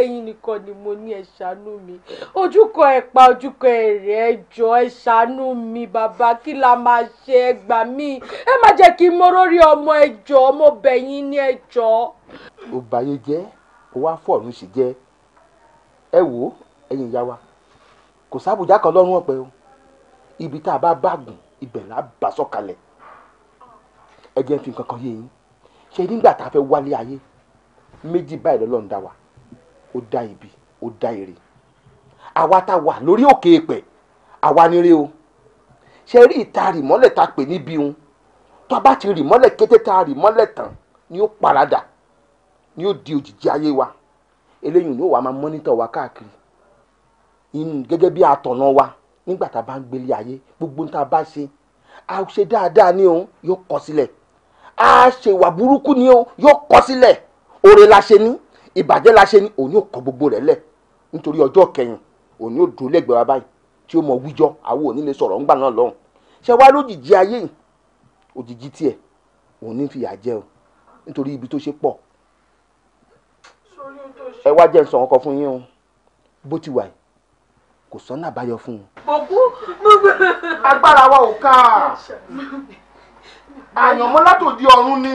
ẹ̀yin nìkan ni mo ní ẹ ṣàánú mi ojúkọ ẹ pa ojúkọ ẹ rẹ ẹ jọ ẹ ṣàánú mi bàbá kí la máa ṣe ẹ gbà mí ẹ má jẹ́ kí n mọ ọmọ ẹ jọ ọmọ bẹ̀yìn ní ẹ jọ. ó báyé jẹ́ ó wá fọ̀ọ̀rùn sì jẹ́ ẹ wò ó ẹ̀yin ìyá wa kò sábùjá kan lọ́rùn ọ̀pẹ o ibi tá a bá bàgùn ibẹ̀ là á bà sọ̀kalẹ̀ ẹ jẹ́ fi nǹkan kan yé yín ṣe nígbà tá a fẹ́ wálé ayé méjì báyìí lọ́lọ́run dá wa ó dá ibi ó dá ire àwa tá a wà lórí òkè èpẹ̀ àwa nírè o ṣe rí ìta rìmọ́lẹ̀ tá a pè níbi òun tó a bá ti rìmọ́lẹ̀ kété tá a rìmọ́lẹ̀ tán ni ó paradà ni ó di òjìji ayé wa eléyìí ni ó wàá máa mọ́nítọ̀ wa káàkiri gẹ́gẹ́ bí atọ̀nà wa nígbà tá a bá ń gbélé ayé gbogbo tá a bá ṣe a ṣe dáadáa ni òun yóò kọ sílẹ̀ a ṣèwà burúkú ni òun yóò kọ sílẹ̀ òre la ṣe ní ìbàjẹ́ la ṣe ni òun yóò kọ gbogbo rẹ̀ lẹ̀ nítorí ọjọ́ kẹyìn òun yóò dúró lẹ́gbẹ̀ẹ́ wa báyìí tí ó mọ wíjọ́ àwọn òní lè sọ̀rọ̀ ńgbà náà lọ́hùn ṣé wá lójijì ayé yìí òjijì tiẹ̀ òun ní fìyà jẹ o nítorí ibi tó ṣe pọ̀ ẹ wá jẹ́ nsọ̀rọ̀ kan fún yín o bó ti wà yìí kò sọ́nà àbáyọ fún un. bòkú gbogbo agbára wa ò ká àyànmọ́ látòdì ọ̀run ni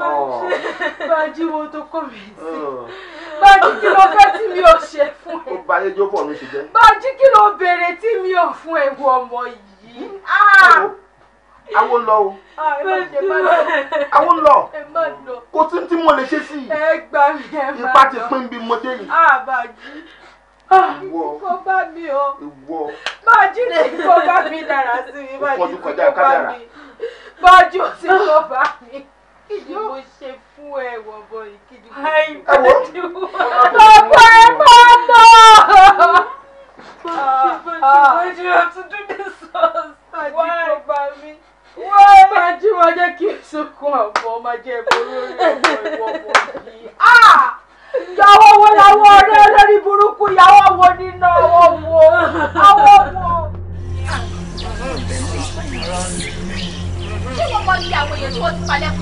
bájí wo tó kọ́ mi sí bájí kí ló fẹ́ tí mi ò ṣe fún ẹ. ó ba ayé jókòó mi ṣe jẹ́. bájí kí ló béèrè tí mi ò fún ẹ wo ọmọ yìí. awo ah! lọ o awo ah, lọ kò tí tí mo lè ṣe sí i ipa ti pín bí mo dé yìí. Ah, ìwọ kò bá mi o. Ìwọ. Bájú lè kó bá mi dára sí mi. Bájú kò bá mi. Bájú tí kò bá mi kí ni mo ṣe fún ẹ wọ̀bọ yìí kí ni mo ṣe fún ẹ. ọ̀pọ̀ ẹ máa tọ̀. Why do you have to do this sauce? Why? Why? Májí máa jẹ́ kí ìsokun àbọ̀ máa jẹ́ ìborí orí ọ̀pọ̀ ìwọ̀bọ̀ yìí. Ìyàwó wo làwọn ọ̀rẹ́ lórí burúkú ìyàwó wo nínú ọwọ́ wo? Àwọn wo? Ṣé wọ́n mọ iye àwọn èèyàn tí wọ́n ti palẹ̀ fún?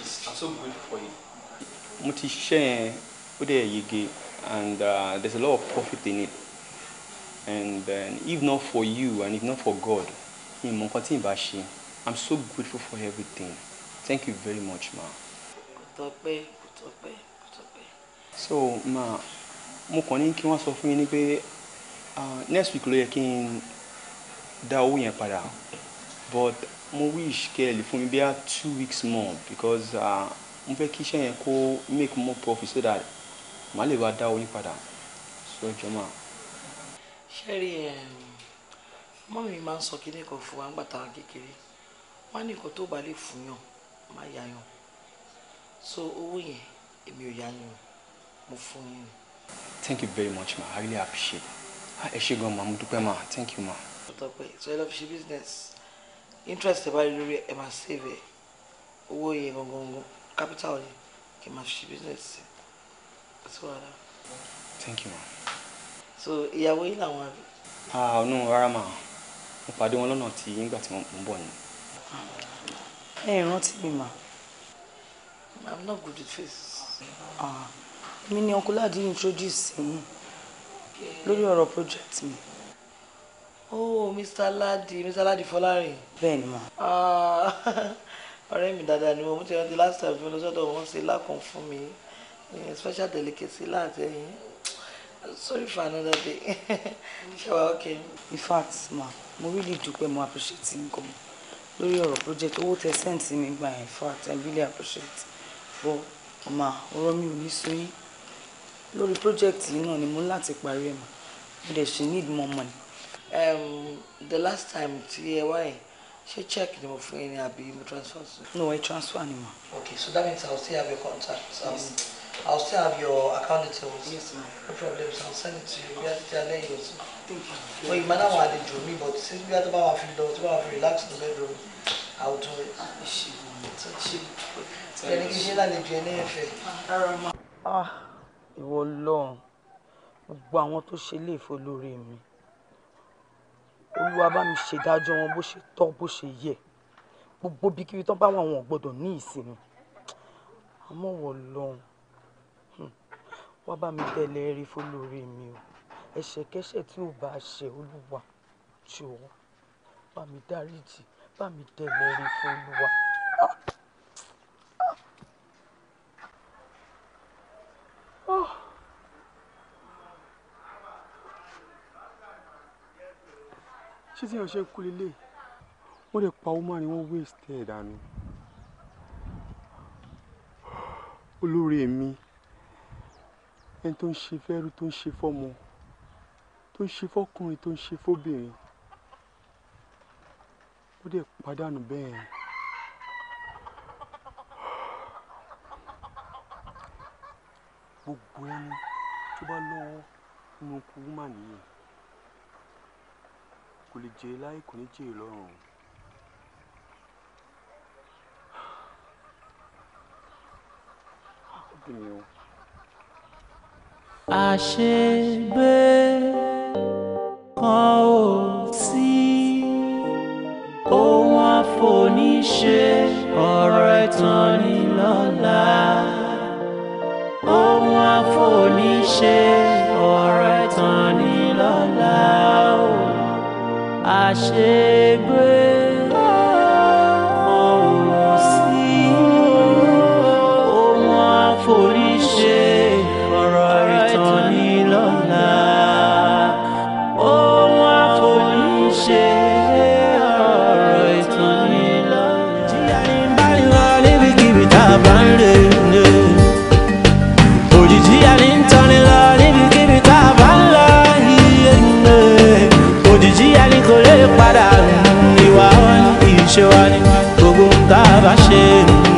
Please, I'm so grateful for you. Mo ti ṣiṣẹ́ yẹn ó and uh, there's a lot of profit in it and uh, if not for you and if not for God ìmọ̀ nǹkan tí I'm so grateful for everything thank you very much ma. Kò tọ́pẹ́ kò So ma mo kàn ní kí wọ́n sọ fún uh, next week ló yẹ kí n dá owó yẹn but mo wish kẹ́ ẹ lè fún mi bí i two weeks more because mo fẹ́ kí iṣẹ́ yẹn kó make more profit so that màá lè wá dá orí padà so ẹ jọ máa. ṣẹ́rí ẹ̀ mọ́ mi máa ń sọ kí nìkan fún wa ń gbàtà kékeré wọ́n á ní nǹkan tó bá lè fún yàn má yà yàn so owó yẹn èmi ò yà yàn mo fún yín. thank you very much ma i really appreciate it ah, ẹ ṣé gan ma mo dúpẹ́ ma thank you ma. ọ̀tọ̀ pé so ẹ lọ fi business interest ẹ bá rí lórí ẹ máa save ẹ owó yẹn gangan capital ni kí n máa fi business sí àti wàhálà. thank you ma. so ìyàwó yìí làwọn àbí. ah ọ̀nà rárá mà mo pàdé wọn lọ́nà tí nígbà tí wọ́n ń bọ̀ ni. ẹ rántí mi mà. i'm not good with faces. ah mi ni ọkùnrin láti introduce sí yín lórí ọ̀rọ̀ project mi oh mr ladi mr ladi fọlárin. bẹ́ẹ̀ni ma. Ah, ọ̀rẹ́ mi dáadáa ni mo mú ti rántí last time tí mo lọ sọ́dọ̀ wọn ṣe lákàn fún mi eh, special delicacy láti ẹ̀yìn sorry for another day ṣẹwà okay. in fact ma mo really dúpẹ́ mo appreciate nǹkan lórí ọ̀rọ̀ project owó tẹ sẹ́ǹtì mi gbà in fact i really appreciate but ọmọ ọ̀rọ̀ mi ò ní sọ yín lórí project yìí náà ni mo láti parí ẹ̀ mọ́ mo dẹ̀ ṣì need more money um, the last time tí ẹ wá yẹn ṣé check ni mo fún transfer no I transfer anymore. okay so that means i will still have your contact. Um, yes. I'll still have your account details. Yes, ma'am. No problems. I'll send it to you. We have to tell you also. Thank you. Well, you might not want to join me, but since we have to buy a few dollars, we have to relax in the bedroom. I'll do it. She, she. Ẹni kí ṣe lálejò ẹni ẹ̀fẹ̀. Ah, ah, ìwọ Ọlọ́run, gbogbo àwọn tó ṣe léèfó lórí mi olúwa bá mi ṣèdájọ́ wọn bó ṣe tọ́ bó ṣe yẹ gbogbo bíkíbi tán bá wà wọn gbọ́dọ̀ ní ìsinmi àmọ́ wọ lọ́hùn hmm. wá bá mi tẹ̀lé rí fọlọ́rẹ́ mi o ẹ̀ṣẹ̀kẹ́ṣẹ̀ tí ò bá ṣe olúwa jọ̀ọ́ bá mi dáríjì bá mi tẹ̀lé rí fọlọ́wà. Oh. ṣé tí èèyàn ṣe ń kú lílé wọ́n lè pa woman wọ́n waste ẹ̀ dànù olórí èmi ẹni tó ń ṣe fẹ́rú tó ń ṣe fọ́mọ tó ń ṣe fọ́kùnrin tó ń ṣe fóbìnrin ó dẹ̀ pàdánù bẹ́ẹ̀ gbogbo ẹni tó bá lọ́wọ́ nínú ikú woman kò lè jèrè láyé kò ní jèrè lọ́rùn ó dùn mí o. àṣegbé kan ò sí ohun àfoníṣe ọ̀rọ̀ ẹ̀tàn ni lọ́la ohun àfoníṣe ọ̀rọ̀ ẹ̀tàn àṣegbé. cheiro